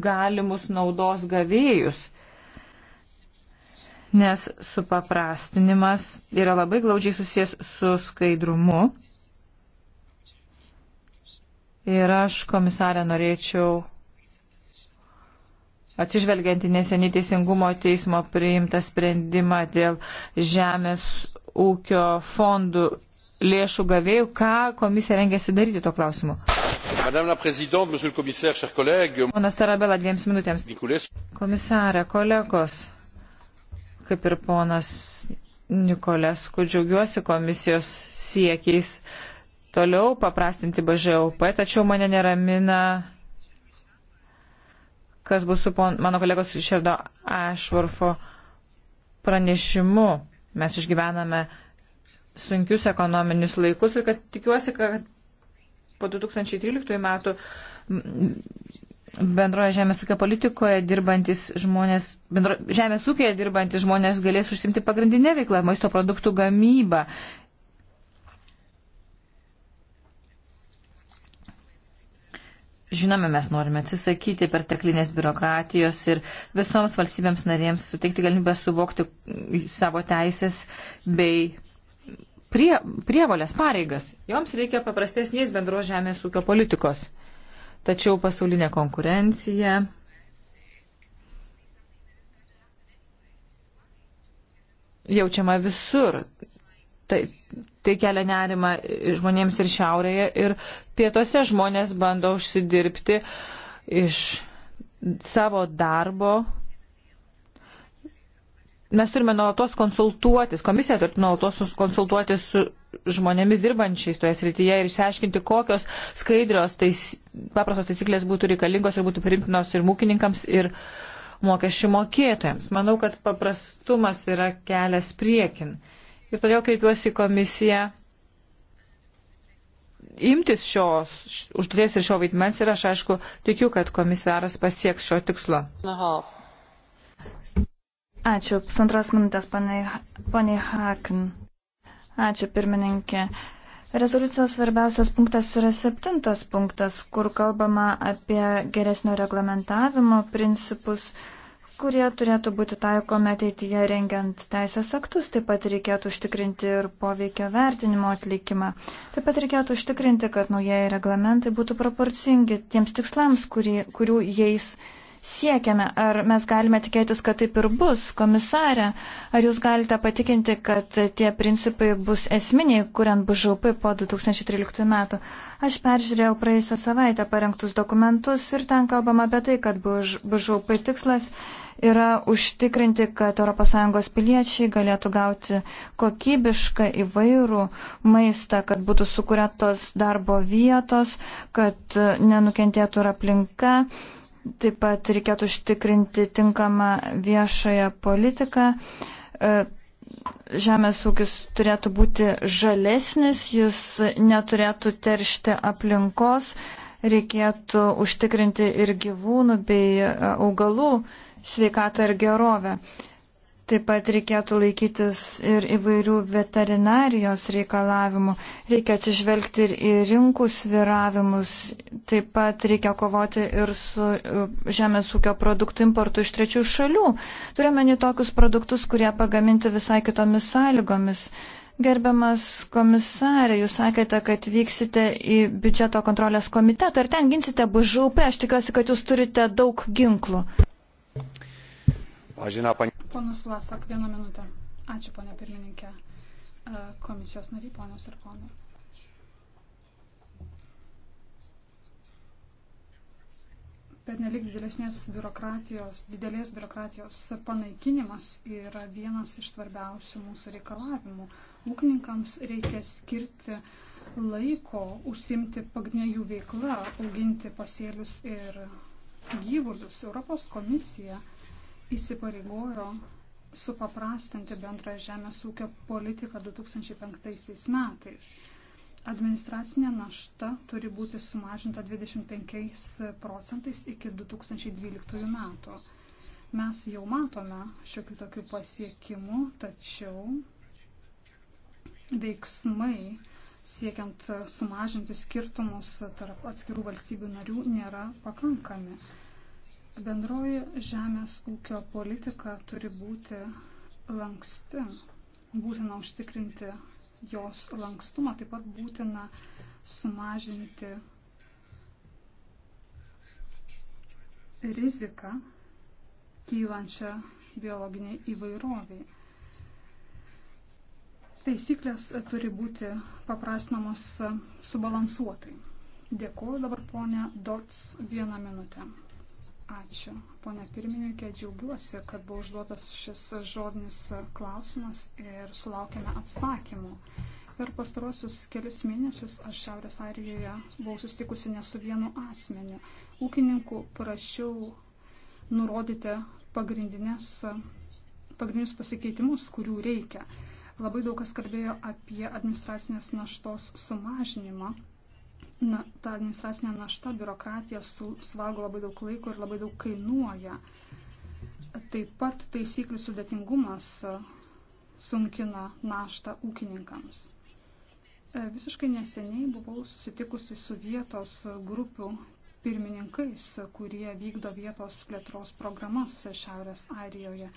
galimus naudos gavėjus nes supaprastinimas yra labai glaudžiai susijęs su skaidrumu. Ir aš, komisarė, norėčiau, atsižvelgiant į neseniai teisingumo teismo priimtą sprendimą dėl žemės ūkio fondų lėšų gavėjų, ką komisija rengėsi daryti tuo klausimu. Ponas Tarabela, dviems minutėms. Komisarė, kolegos kaip ir ponas Nikolesku, džiaugiuosi komisijos siekiais toliau paprastinti BŽUP, tačiau mane neramina, kas bus su pon, mano kolegos Išerdo Ašvorfo pranešimu. Mes išgyvename sunkius ekonominius laikus ir kad tikiuosi, kad po 2013 metų bendroje žemės ūkio politikoje dirbantis žmonės, bendro, žemės ūkėje dirbantis žmonės galės užsimti pagrindinę veiklą - maisto produktų gamybą. Žinome, mes norime atsisakyti perteklinės biurokratijos ir visoms valstybėms narėms suteikti galimybę suvokti savo teisės bei prie, prievolės pareigas. Joms reikia paprastesnės bendros žemės ūkio politikos. Tačiau pasaulinė konkurencija jaučiama visur. Tai, tai kelia nerima žmonėms ir šiaurėje, ir pietuose žmonės bando užsidirbti iš savo darbo mes turime nuolatos konsultuotis, komisija turėtų nuolatos konsultuotis su žmonėmis dirbančiais toje srityje ir išsiaiškinti, kokios skaidrios tais, paprastos taisyklės būtų reikalingos ir būtų priimtinos ir mūkininkams, ir mokesčių mokėtojams. Manau, kad paprastumas yra kelias priekin. Ir todėl kreipiuosi į komisiją imtis šios užduoties ir šio vaidmens ir aš aišku tikiu, kad komisaras pasieks šio tikslo. Aha. Ačiū. Pusantros minutės, poniai Hakan. Ačiū, pirmininkė. Rezoliucijos svarbiausias punktas yra septintas punktas, kur kalbama apie geresnio reglamentavimo principus, kurie turėtų būti taikomi ateityje rengiant teisės aktus. Taip pat reikėtų užtikrinti ir poveikio vertinimo atlikimą. Taip pat reikėtų užtikrinti, kad naujieji reglamentai būtų proporcingi tiems tikslams, kurį, kurių jais siekiame. Ar mes galime tikėtis, kad taip ir bus, komisarė? Ar jūs galite patikinti, kad tie principai bus esminiai, kuriant BŽP po 2013 metų? Aš peržiūrėjau praėjusią savaitę parengtus dokumentus ir ten kalbama apie tai, kad BŽP tikslas yra užtikrinti, kad ES piliečiai galėtų gauti kokybišką įvairų maistą, kad būtų sukūrėtos darbo vietos, kad nenukentėtų ir aplinka Taip pat reikėtų užtikrinti tinkamą viešąją politiką. E, žemės ūkis turėtų būti žalesnis, jis neturėtų teršti aplinkos, reikėtų užtikrinti ir gyvūnų bei augalų sveikatą ir gerovę. Taip pat reikėtų laikytis ir įvairių veterinarijos reikalavimų. Reikia atsižvelgti ir į rinkų sviravimus. Taip pat reikia kovoti ir su e, žemės ūkio produktų importu iš trečių šalių. Turime tokius produktus, kurie pagaminti visai kitomis sąlygomis. Gerbiamas komisarė, jūs sakėte, kad vyksite į biudžeto kontrolės komitetą ir ten ginsite BŽUP. Aš tikiuosi, kad jūs turite daug ginklų. Vážená paní. Ponas Vlasak, vieną minutę. Ačiū, ponia pirmininkė. E, komisijos nariai, ponios ir ponai. bet nelik didelės biurokratijos, didelės biurokratijos panaikinimas yra vienas iš svarbiausių mūsų reikalavimų. Ūkininkams reikia skirti laiko užsimti pagnėjų veiklą, auginti pasėlius ir gyvulius. Europos komisija įsipareigojo supaprastinti bendrą žemės ūkio politiką 2005 metais. Administracinė našta turi būti sumažinta 25 procentais iki 2012 metų. Mes jau matome šiokių tokių pasiekimų, tačiau veiksmai siekiant sumažinti skirtumus tarp atskirų valstybių narių nėra pakankami. Bendroji žemės ūkio politika turi būti lanksti. Būtina užtikrinti jos lankstumą, taip pat būtina sumažinti riziką kylančią biologiniai įvairoviai. Taisyklės turi būti paprastinamos subalansuotai. Dėkuoju dabar ponė Dots vieną minutę. Ačiū, ponė pirmininkė, džiaugiuosi, kad buvo užduotas šis žodinis klausimas ir sulaukėme atsakymų. Per pastarosius kelis mėnesius aš Šiaurės Airijoje buvau sustikusi ne su vienu asmeniu. Ūkininkų prašiau nurodyti pagrindinius pasikeitimus, kurių reikia. Labai daug kas kalbėjo apie administracinės naštos sumažinimą na, ta administracinė našta, biurokratija suvalgo labai daug laiko ir labai daug kainuoja. Taip pat taisyklių sudėtingumas e, sunkina naštą ūkininkams. E, visiškai neseniai buvau susitikusi su vietos grupių pirmininkais, kurie vykdo vietos plėtros programas Šiaurės Airijoje.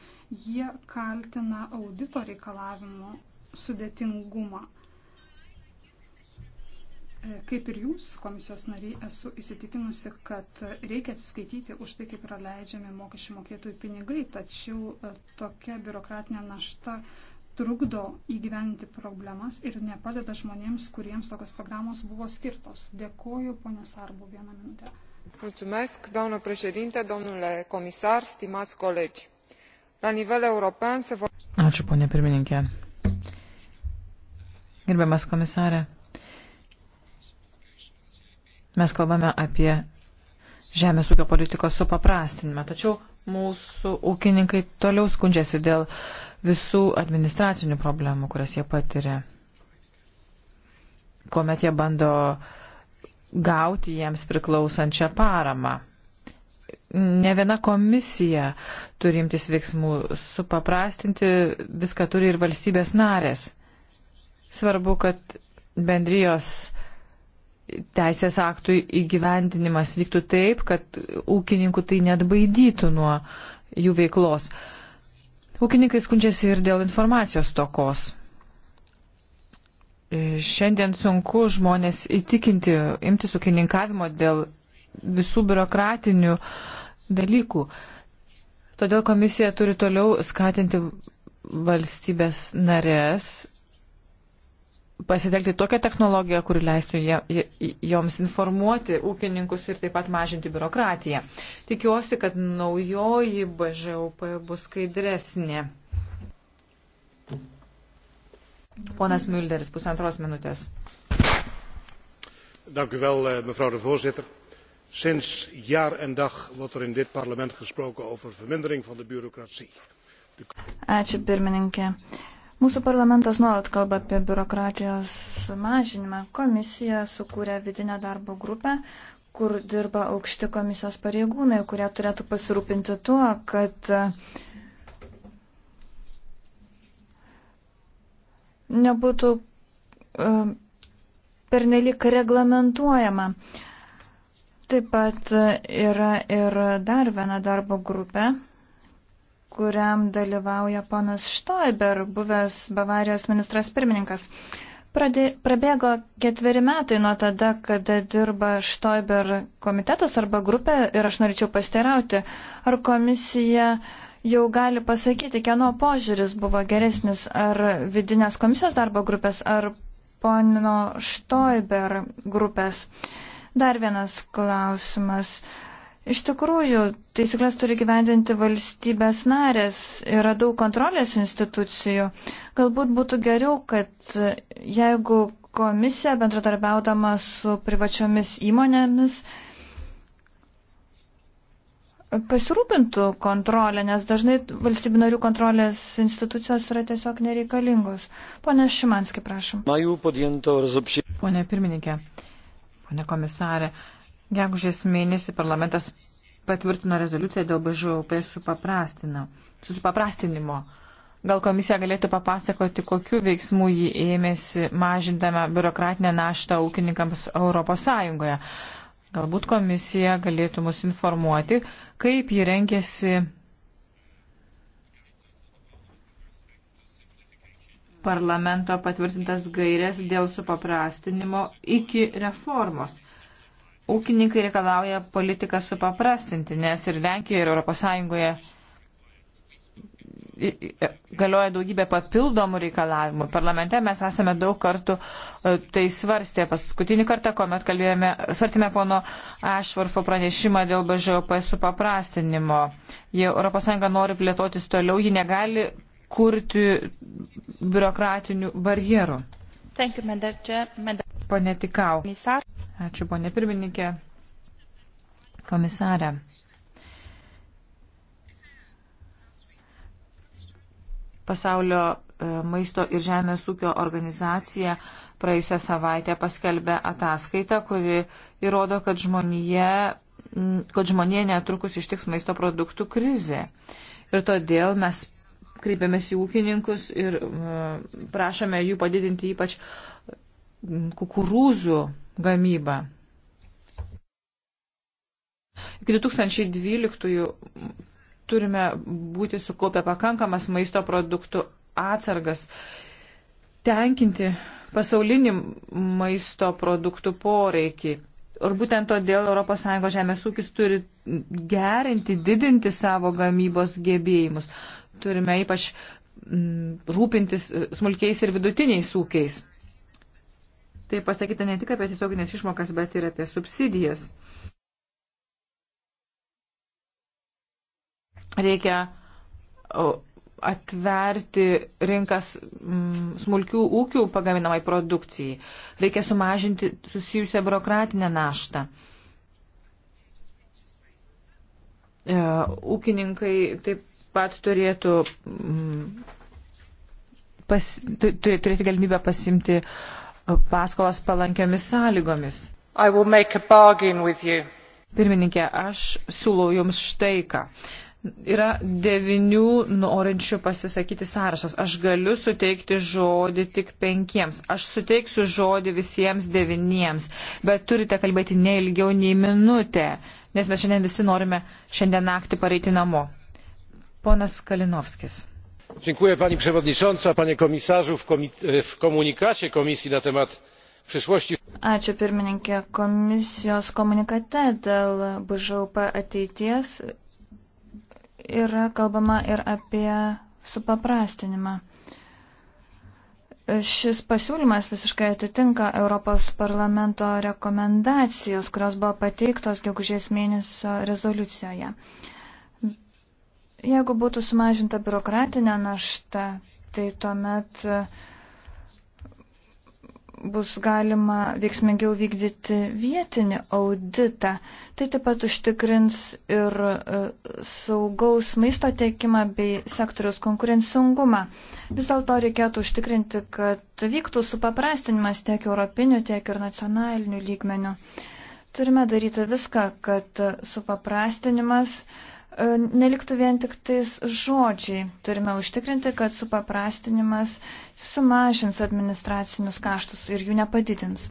Jie kaltina audito reikalavimų sudėtingumą. Kaip ir jūs, komisijos nariai, esu įsitikinusi, kad reikia atsiskaityti už tai, kaip yra leidžiami mokesčių mokėtojų pinigai, tačiau e, tokia biurokratinė našta trukdo įgyventi problemas ir nepadeda žmonėms, kuriems tokios programos buvo skirtos. Dėkoju, ponė Sarbu, vieną minutę. Mulțumesc, doamnă președinte, domnule comisar, stimați colegi. La nivel european se vor... Ačiū, ponė pirmininkė. Gerbiamas komisarė. Mes kalbame apie žemės ūkio politikos supaprastinimą, tačiau mūsų ūkininkai toliau skundžiasi dėl visų administracinių problemų, kurias jie patiria. Kuomet jie bando gauti jiems priklausančią paramą. Ne viena komisija turi imtis veiksmų, supaprastinti viską turi ir valstybės narės. Svarbu, kad bendrijos teisės aktų įgyvendinimas vyktų taip, kad ūkininkų tai net baidytų nuo jų veiklos. Ūkininkai skundžiasi ir dėl informacijos tokos. E, šiandien sunku žmonės įtikinti, imtis ūkininkavimo dėl visų biurokratinių dalykų. Todėl komisija turi toliau skatinti valstybės narės pasitelkti tokią technologiją, kuri leistų joms informuoti ūkininkus ir taip pat mažinti biurokratiją. Tikiuosi, kad naujoji BŽUP bus skaidresnė. Ponas Mülderis, pusantros minutės. Dank u wel, eh, mevrouw de voorzitter. Sinds jaar en dag wordt er in dit parlement gesproken over vermindering van de bureaucratie. Ačiū pirmininkė. Uh, Mūsų parlamentas nuolat kalba apie biurokratijos mažinimą. Komisija sukūrė vidinę darbo grupę, kur dirba aukšti komisijos pareigūnai, kurie turėtų pasirūpinti tuo, kad nebūtų um, pernelik reglamentuojama. Taip pat yra ir dar viena darbo grupė, kuriam dalyvauja ponas Štoiber, buvęs Bavarijos ministras pirmininkas. Pradė, prabėgo ketveri metai nuo tada, kada dirba Štoiber komitetas arba grupė ir aš norėčiau pasteirauti, ar komisija jau gali pasakyti, kieno požiūris buvo geresnis, ar vidinės komisijos darbo grupės, ar pono Štoiber grupės. Dar vienas klausimas. Uh, Iš tikrųjų, taisyklės turi gyvendinti valstybės narės, yra daug kontrolės institucijų. Galbūt būtų geriau, kad jeigu komisija bendradarbiaudama su privačiomis įmonėmis pasirūpintų kontrolę, nes dažnai valstybių narių kontrolės institucijos yra tiesiog nereikalingos. Pone Šimanski, prašom. Pone pirmininkė, pone komisarė, Gegužės mėnesį parlamentas patvirtino rezoliuciją dėl BŽUP supaprastinimo. Gal komisija galėtų papasakoti, kokiu veiksmu jį ėmėsi mažindama biurokratinę naštą ūkininkams ES. Galbūt komisija galėtų mus informuoti, kaip jį renkėsi parlamento patvirtintas gairias dėl supaprastinimo iki reformos. Ūkininkai reikalauja politiką supaprastinti, nes ir Lenkijoje, ir ES galioja daugybė papildomų reikalavimų. Parlamente mes esame daug kartų e, tai svarstę. Paskutinį kartą, kuomet kalbėjome, svartėme pono Ašvarfo pranešimą dėl BŽOP supaprastinimo. Jei ES nori plėtotis toliau, ji negali kurti biurokratinių barjerų. Pone Tikau. Ačiū, ponė pirmininkė, komisarė. Pasaulio e, maisto ir žemės ūkio organizacija praėjusią savaitę paskelbė ataskaitą, kuri įrodo, kad žmonija, kad žmonija netrukus ištiks maisto produktų krizė. Ir todėl mes kreipiamės į ūkininkus ir e, prašome jų padidinti ypač kukurūzų gamybą. Iki 2012 turime būti sukaupę pakankamas maisto produktų atsargas, tenkinti pasaulinį maisto produktų poreikį. Ir būtent todėl ES žemės ūkis turi gerinti, didinti savo gamybos gebėjimus. Turime ypač mm, rūpintis e, smulkiais ir vidutiniais ūkiais. Tai pasakyta ne tik apie tiesioginės išmokas, bet ir apie subsidijas. Reikia atverti rinkas mm, smulkių ūkių pagaminamai produkcijai. Reikia sumažinti susijusią biurokratinę naštą. E, ūkininkai taip pat turėtų, mm, pas, turėtų galimybę pasimti uh, paskolas palankiomis sąlygomis. Pirmininkė, aš siūlau Jums štai ką. Yra devinių norinčių pasisakyti sąrašas. Aš galiu suteikti žodį tik penkiems. Aš suteiksiu žodį visiems deviniems, bet turite kalbėti ne ilgiau nei minutę, nes mes šiandien visi norime šiandien naktį pareiti namo. Ponas Kalinovskis pani przewodnicząca! panie komisarzu! w komunikacie komisji na temat przyszłości. ačiū pirmininke komisijos komunikate dėl bžūp ateities yra kalbama ir apie supaprastinimą. Šis pasiūlymas visiškai atitinka Europos parlamento rekomendacijas, kurios buvo pateiktos gegužės mėnesio rezoliucijoje. Jeigu būtų sumažinta biurokratinė našta, tai tuomet e, bus galima veiksmingiau vykdyti vietinį auditą. Tai taip pat užtikrins ir e, saugaus maisto tiekimą bei sektoriaus konkurencingumą. Vis dėlto reikėtų užtikrinti, kad vyktų supaprastinimas tiek europiniu, tiek ir nacionaliniu lygmeniu. Turime daryti viską, kad supaprastinimas uh, E, neliktų vien tik tais žodžiai. Turime užtikrinti, kad supaprastinimas sumažins administracinius kaštus ir jų nepadidins.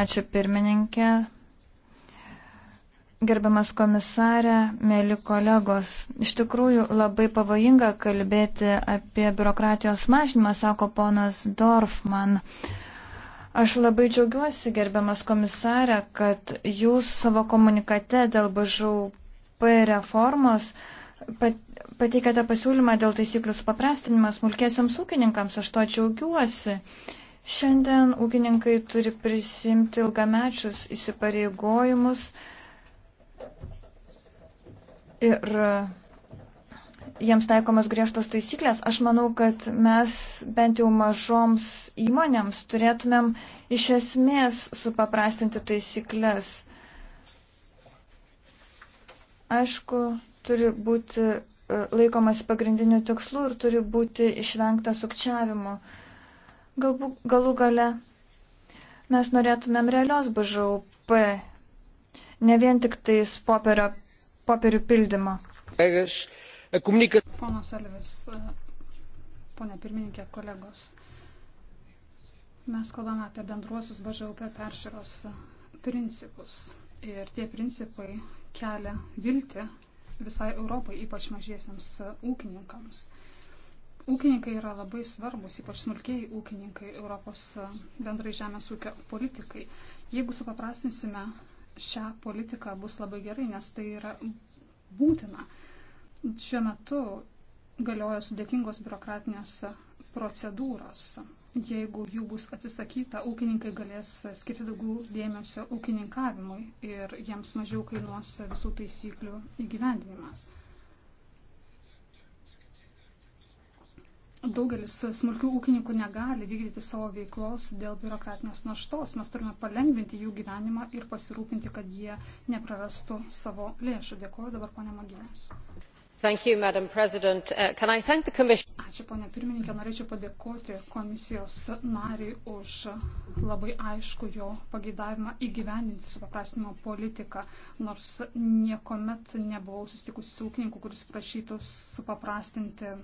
Ačiū pirmininkė. Gerbiamas komisarė, mėly kolegos, iš tikrųjų labai pavojinga kalbėti apie biurokratijos mažinimą, sako ponas Dorfman. Uh, Aš labai džiaugiuosi, gerbiamas komisarė, kad jūs savo komunikate dėl BŽUP reformos pateikėte pasiūlymą dėl taisyklių supaprastinimą smulkėsiams ūkininkams. Aš to džiaugiuosi. Šiandien ūkininkai turi prisimti ilgamečius įsipareigojimus ir jiems taikomas griežtos taisyklės, aš manau, kad mes bent jau mažoms įmonėms turėtumėm iš esmės supaprastinti taisyklės. Aišku, turi būti e, laikomas pagrindinių tikslų ir turi būti išvengta sukčiavimo. Galbų, galų gale mes norėtumėm realios BŽUP, ne vien tik tais popierio, popierių pildymą. Egas. Komunika... Ponas Elvis, ponė pirmininkė, kolegos, mes kalbame apie bendruosius BŽUP peržiūros principus. Ir tie principai kelia viltį visai Europai, ypač mažiesiams ūkininkams. Ūkininkai yra labai svarbus, ypač smulkiai ūkininkai Europos bendrai žemės ūkio politikai. Jeigu supaprastinsime šią politiką, bus labai gerai, nes tai yra būtina. Šiuo metu galioja sudėtingos biurokratinės procedūros. Jeigu jų bus atsisakyta, ūkininkai galės skirti daugiau dėmesio ūkininkavimui ir jiems mažiau kainuos visų taisyklių įgyvendinimas. Daugelis smulkių ūkininkų negali vykdyti savo veiklos dėl biurokratinės naštos. Mes turime palengvinti jų gyvenimą ir pasirūpinti, kad jie neprarastų savo lėšų. Dėkuoju dabar, ponė Magėnas. You, uh, Can I thank the commission? Ačiū, ponė pirmininkė. Norėčiau padėkoti komisijos nariai už labai aišku jo pageidavimą įgyvendinti supaprastinimo politiką, nors niekuomet nebuvau susitikusi su ūkininku, kuris prašytų supaprastinti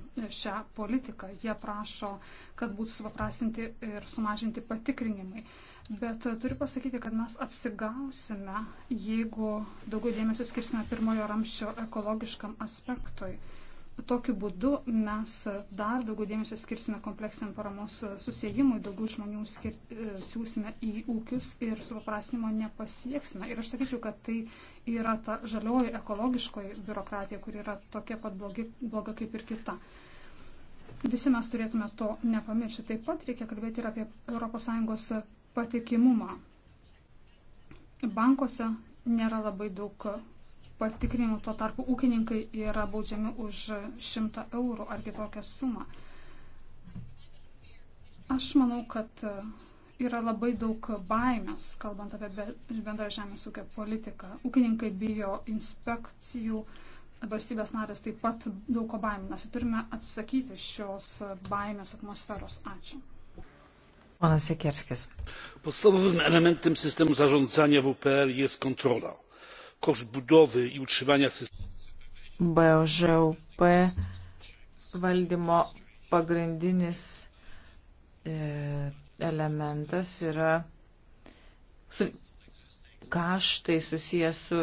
šią politiką. Jie prašo, kad būtų supaprastinti ir sumažinti patikrinimai. Bet e, turiu pasakyti, kad mes apsigausime, jeigu daugiau dėmesio skirsime pirmojo ramščio ekologiškam aspektui. Tokiu būdu mes dar daugiau dėmesio skirsime kompleksiniam paramos susijimui, daugiau žmonių skir... E, siūsime į ūkius ir supaprasnimo nepasieksime. Ir aš sakyčiau, kad tai yra ta žalioji ekologiškoji biurokratija, kuri yra tokia pat blogi, bloga kaip ir kita. Visi mes turėtume to nepamiršti. Taip pat reikia kalbėti ir apie ES patikimumą. Bankuose nėra labai daug patikrinimų, tuo tarpu ūkininkai yra baudžiami už 100 eurų ar kitokią sumą. Aš manau, kad yra labai daug baimės, kalbant apie bendrą žemės ūkio politiką. Ūkininkai bijo inspekcijų, valstybės narės taip pat daug ko baiminasi. Turime atsisakyti šios baimės atmosferos. Ačiū. Ponas Siekierskis. Podstawowym elementem systemu zarządzania WPR jest kontrola. Koszt budowy i utrzymania systemu. BŽUP valdymo pagrindinis e, elementas yra su kaštai susijęs su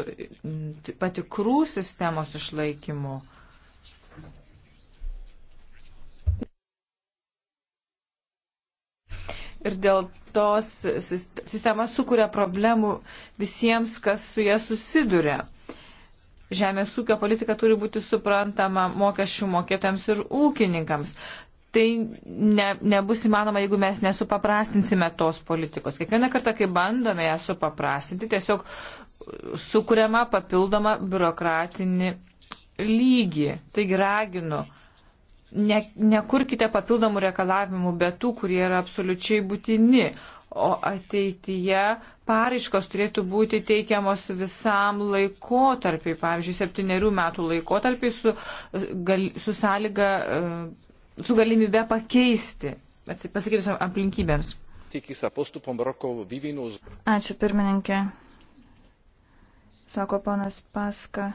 patikrų sistemos išlaikymu. ir dėl tos sistema sukuria problemų visiems, kas su jie susiduria. Žemės ūkio politika turi būti suprantama mokesčių mokėtams ir ūkininkams. Tai ne, nebus įmanoma, jeigu mes nesupaprastinsime tos politikos. Kiekvieną kartą, kai bandome ją supaprastinti, tiesiog sukuriama papildoma biurokratinį lygį. Taigi raginu ne, nekurkite papildomų reikalavimų be tų, kurie yra absoliučiai būtini, o ateityje paraiškos turėtų būti teikiamos visam laikotarpiai, pavyzdžiui, septyniarių metų laikotarpiai su, gal, su sąlyga, e, su galimybe pakeisti, pasakytus aplinkybėms. Ačiū pirmininkė, sako ponas Paska.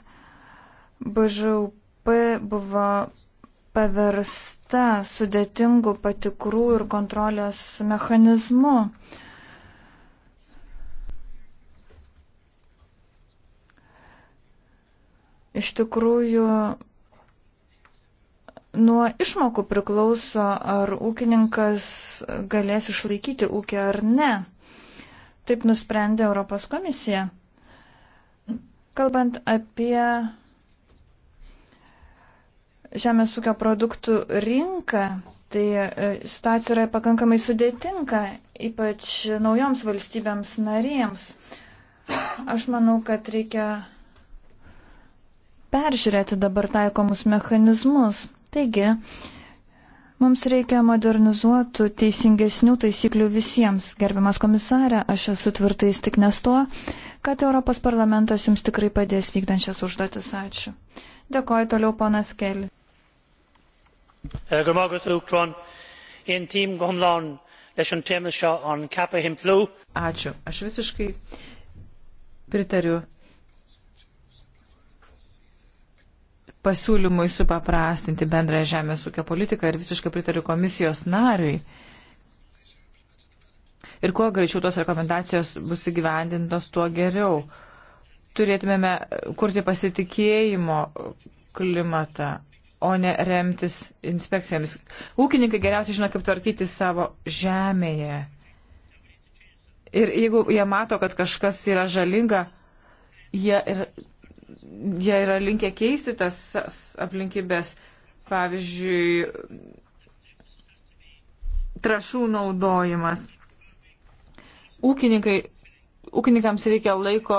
BŽUP buvo paversta sudėtingų patikrų ir kontrolės mechanizmu. Iš tikrųjų, nuo išmokų priklauso, ar ūkininkas galės išlaikyti ūkį ar ne. Taip nusprendė Europos komisija. Kalbant apie žemės ūkio produktų rinką, tai e, situacija yra pakankamai sudėtinga, ypač naujoms valstybėms narėms. Aš manau, kad reikia peržiūrėti dabar taikomus mechanizmus. Taigi, mums reikia modernizuotų, teisingesnių taisyklių visiems. Gerbiamas komisarė, aš esu tvirtai įstiknęs tuo, kad Europos parlamentas jums tikrai padės vykdančias užduotis. Ačiū. Dėkoju toliau, ponas Keli. Ačiū. Aš visiškai pritariu pasiūlymui supaprastinti bendrąją žemės ūkio politiką ir er visiškai pritariu komisijos nariui. Ir kuo greičiau tos rekomendacijos bus įgyvendintos, tuo geriau. Turėtumėme kurti pasitikėjimo klimatą o ne remtis inspekcijomis. Ūkininkai geriausiai žino, kaip tvarkyti savo žemėje. Ir jeigu jie mato, kad kažkas yra žalinga, jie yra, jie yra linkę keisti tas aplinkybės. Pavyzdžiui, trašų naudojimas. Ūkininkai ūkininkams reikia laiko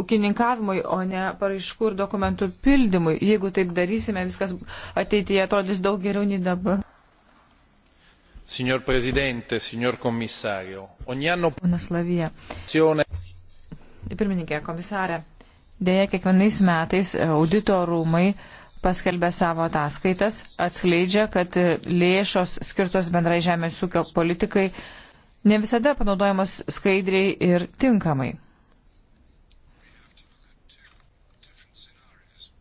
ūkininkavimui, o ne paraiškų ir dokumentų pildymui. Jeigu taip darysime, viskas ateityje atrodys daug geriau nei dabar. Signor Presidente, signor Commissario, ogni anno... Ponas Lavija. Pirmininkė, komisarė, dėja kiekvienais metais e, audito rūmai paskelbė savo ataskaitas, atskleidžia, kad e, lėšos skirtos bendrai žemės ūkio politikai ne visada panaudojamos skaidriai ir tinkamai.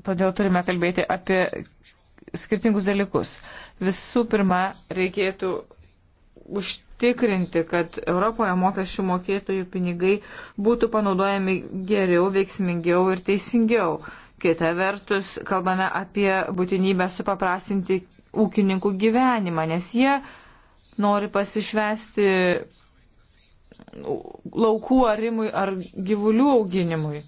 Todėl turime kalbėti apie skirtingus dalykus. Visų pirma, reikėtų užtikrinti, kad Europoje mokesčių mokėtojų pinigai būtų panaudojami geriau, veiksmingiau ir teisingiau. Kita vertus, kalbame apie būtinybę supaprastinti ūkininkų gyvenimą, nes jie nori pasišvesti laukų arimui ar gyvulių auginimui.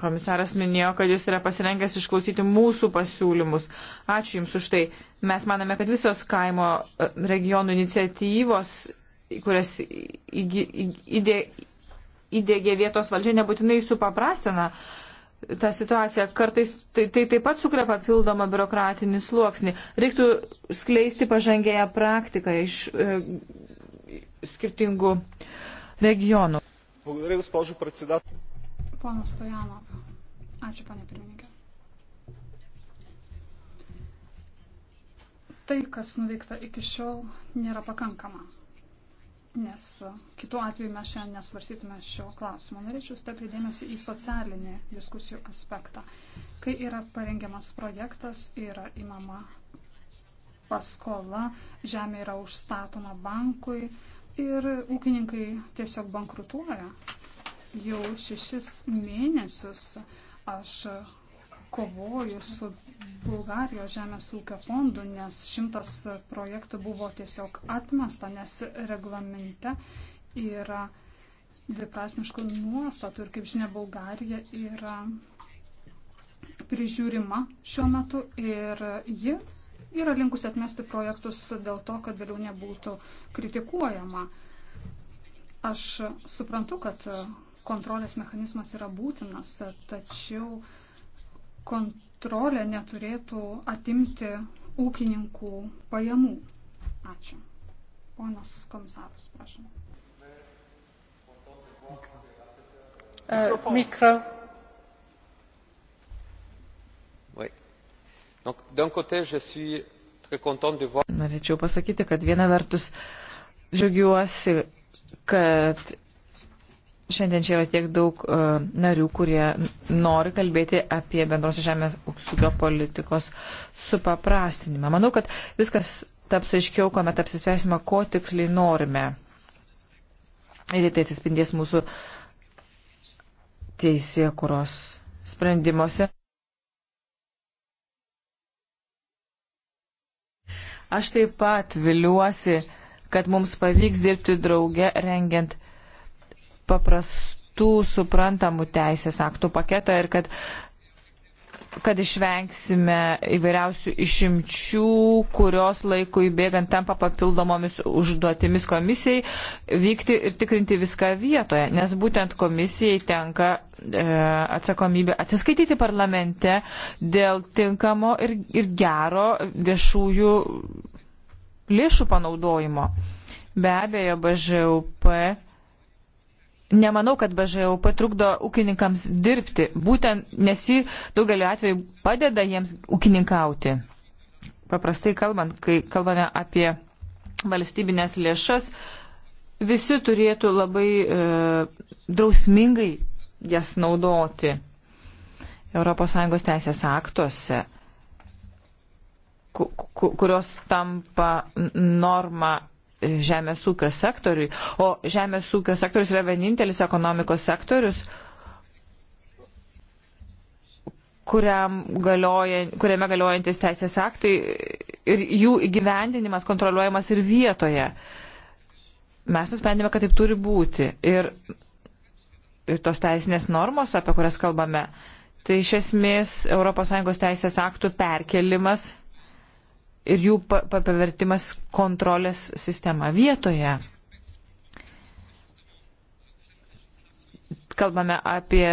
Komisaras minėjo, kad jis yra pasirengęs išklausyti mūsų pasiūlymus. Ačiū Jums už tai. Mes maname, kad visos kaimo e, regionų iniciatyvos, kurias įdėgė vietos valdžia, nebūtinai supaprasina uh, tą situaciją. Kartais tai, tai taip pat sukuria papildomą biurokratinį sluoksnį. Reiktų skleisti pažangėją praktiką iš e, skirtingų regionų. Благодаря, госпожо председател. Пана Стоянов. Ačiū, panė pirmininkė. Tai, kas nuveikta iki šiol, nėra pakankama nes kitu atveju mes šiandien nesvarsytume šio klausimo. Norėčiau stepri dėmesį į socialinį diskusijų aspektą. Kai yra parengiamas projektas, yra imama paskola, žemė yra užstatoma bankui ir ūkininkai tiesiog bankrutuoja. Jau šešis mėnesius aš kovoju su Bulgarijos žemės ūkio fondu, nes šimtas projektų buvo tiesiog atmesta, nes reglamente yra dviprasmiškų nuostatų ir kaip žinia Bulgarija yra prižiūrima šiuo metu ir ji yra linkusi atmesti projektus dėl to, kad vėliau nebūtų kritikuojama. Aš suprantu, kad kontrolės mechanizmas yra būtinas, tačiau kontrolė neturėtų atimti ūkininkų pajamų. Ačiū. Ponas komisaras, prašom. Mikro. Mikro. Oui. Donc, d'un côté, je suis très content de voir. Norėčiau pasakyti, kad viena vertus džiugiuosi, kad Šiandien čia yra tiek daug uh, narių, kurie nori kalbėti apie bendrosios žemės ūkio politikos supaprastinimą. Manau, kad viskas taps aiškiau, kuomet apsispręsime, ko tiksliai norime. Ir tai atsispindės mūsų teisėkuros sprendimuose. Aš taip pat viliuosi, kad mums pavyks dirbti drauge rengiant paprastų suprantamų teisės aktų paketą ir kad kad išvengsime įvairiausių išimčių, kurios laikui bėgant tampa papildomomis užduotimis komisijai vykti ir tikrinti viską vietoje, nes būtent komisijai tenka e, atsakomybė atsiskaityti parlamente dėl tinkamo ir, ir gero viešųjų lėšų panaudojimo. Be abejo, BŽUP nemanau, kad BŽUP trukdo ūkininkams dirbti, būtent nes ji daugelį atvejų padeda jiems ūkininkauti. Paprastai kalbant, kai kalbame apie valstybinės lėšas, visi turėtų labai e, drausmingai jas naudoti. ES teisės aktuose, kurios tampa norma žemės ūkio sektoriui, o žemės ūkio sektorius yra vienintelis ekonomikos sektorius, galioja, kuriame galiojantis teisės aktai ir jų įgyvendinimas kontroliuojamas ir vietoje. Mes nusprendėme, kad taip turi būti. Ir, ir tos teisinės normos, apie kurias kalbame, tai iš esmės ES teisės aktų perkelimas ir jų pavertimas kontrolės sistema vietoje. Kalbame apie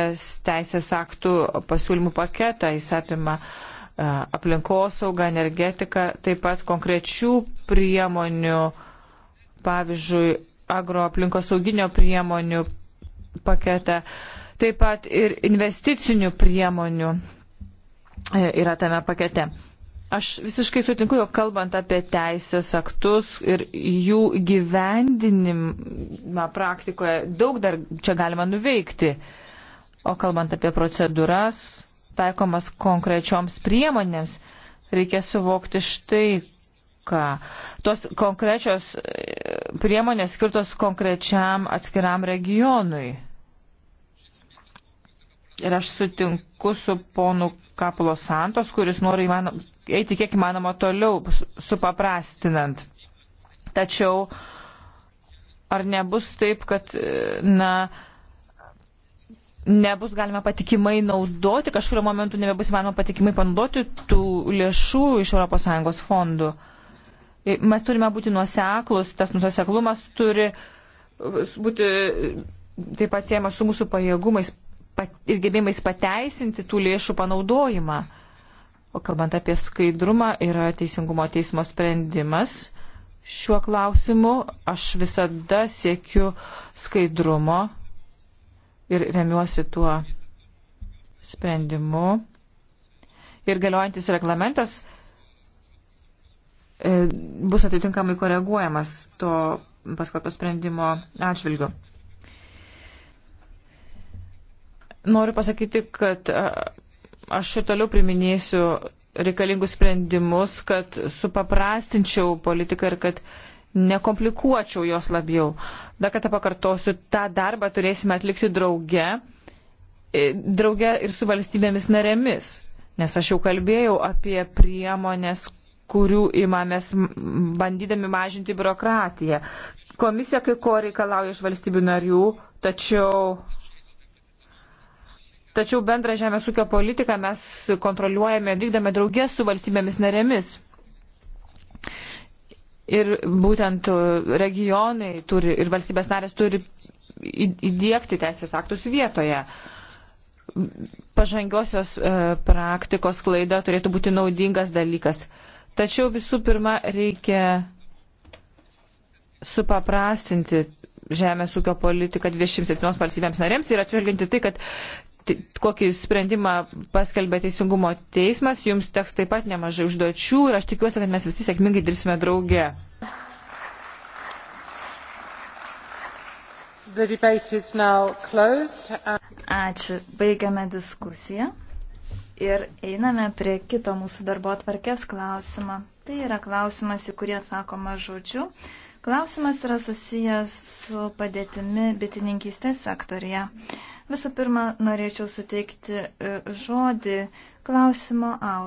teisės aktų pasiūlymų paketą, jis apima e, aplinkosaugą, energetiką, taip pat konkrečių priemonių, pavyzdžiui, agroaplinkosauginio priemonių paketą, taip pat ir investicinių priemonių e, yra tame pakete. Aš visiškai sutinku, jog kalbant apie teisės aktus ir jų gyvendinimą praktikoje, daug dar čia galima nuveikti. O kalbant apie procedūras, taikomas konkrečioms priemonėms, reikia suvokti štai, ką. Tos konkrečios e, priemonės skirtos konkrečiam atskiram regionui. Ir aš sutinku su ponu Kapulo Santos, kuris nori įmanom, eiti kiek įmanoma toliau, supaprastinant. Tačiau ar nebus taip, kad, na, nebus galima patikimai naudoti, kažkurio momentu nebebus įmanoma patikimai panaudoti tų lėšų iš ES fondų. Mes turime būti nuoseklus, tas nuoseklumas turi būti taip pat siejamas su mūsų pajėgumais ir gebėjimais pateisinti tų lėšų panaudojimą. O kalbant apie skaidrumą, yra teisingumo teismo sprendimas šiuo klausimu. Aš visada siekiu skaidrumo ir remiuosi tuo sprendimu. Ir galiojantis reglamentas e, bus atitinkamai koreguojamas to paskatos sprendimo atžvilgiu. Noriu pasakyti, kad aš ir toliau priminėsiu reikalingus sprendimus, kad supaprastinčiau politiką ir kad nekomplikuočiau jos labiau. Dar kartą pakartosiu, tą darbą turėsime atlikti drauge, e, drauge ir su valstybėmis narėmis, nes aš jau kalbėjau apie priemonės, kurių imamės bandydami mažinti biurokratiją. Komisija kai ko reikalauja iš valstybių narių, tačiau Tačiau bendrą žemės ūkio politiką mes kontroliuojame, vykdome draugės su valstybėmis narėmis. Ir būtent e, regionai turi, ir valstybės narės turi įdėkti teisės aktus vietoje. Pažangiosios e, praktikos klaida turėtų būti naudingas dalykas. Tačiau visų pirma reikia supaprastinti žemės ūkio politiką 27 valstybėms narėms ir atsižvelginti tai, kad kokį sprendimą paskelbė Teisingumo teismas. Jums teks taip pat nemažai užduočių ir aš tikiuosi, kad mes visi sėkmingai dirbsime drauge. Ačiū. Baigiame diskusiją ir einame prie kito mūsų darbo atvarkės klausimą. Tai yra klausimas, į kurį atsakoma žodžiu. Klausimas yra susijęs su padėtimi bitininkystės sektorija. Visų pirma, norėčiau suteikti e, žodį klausimo autoriui.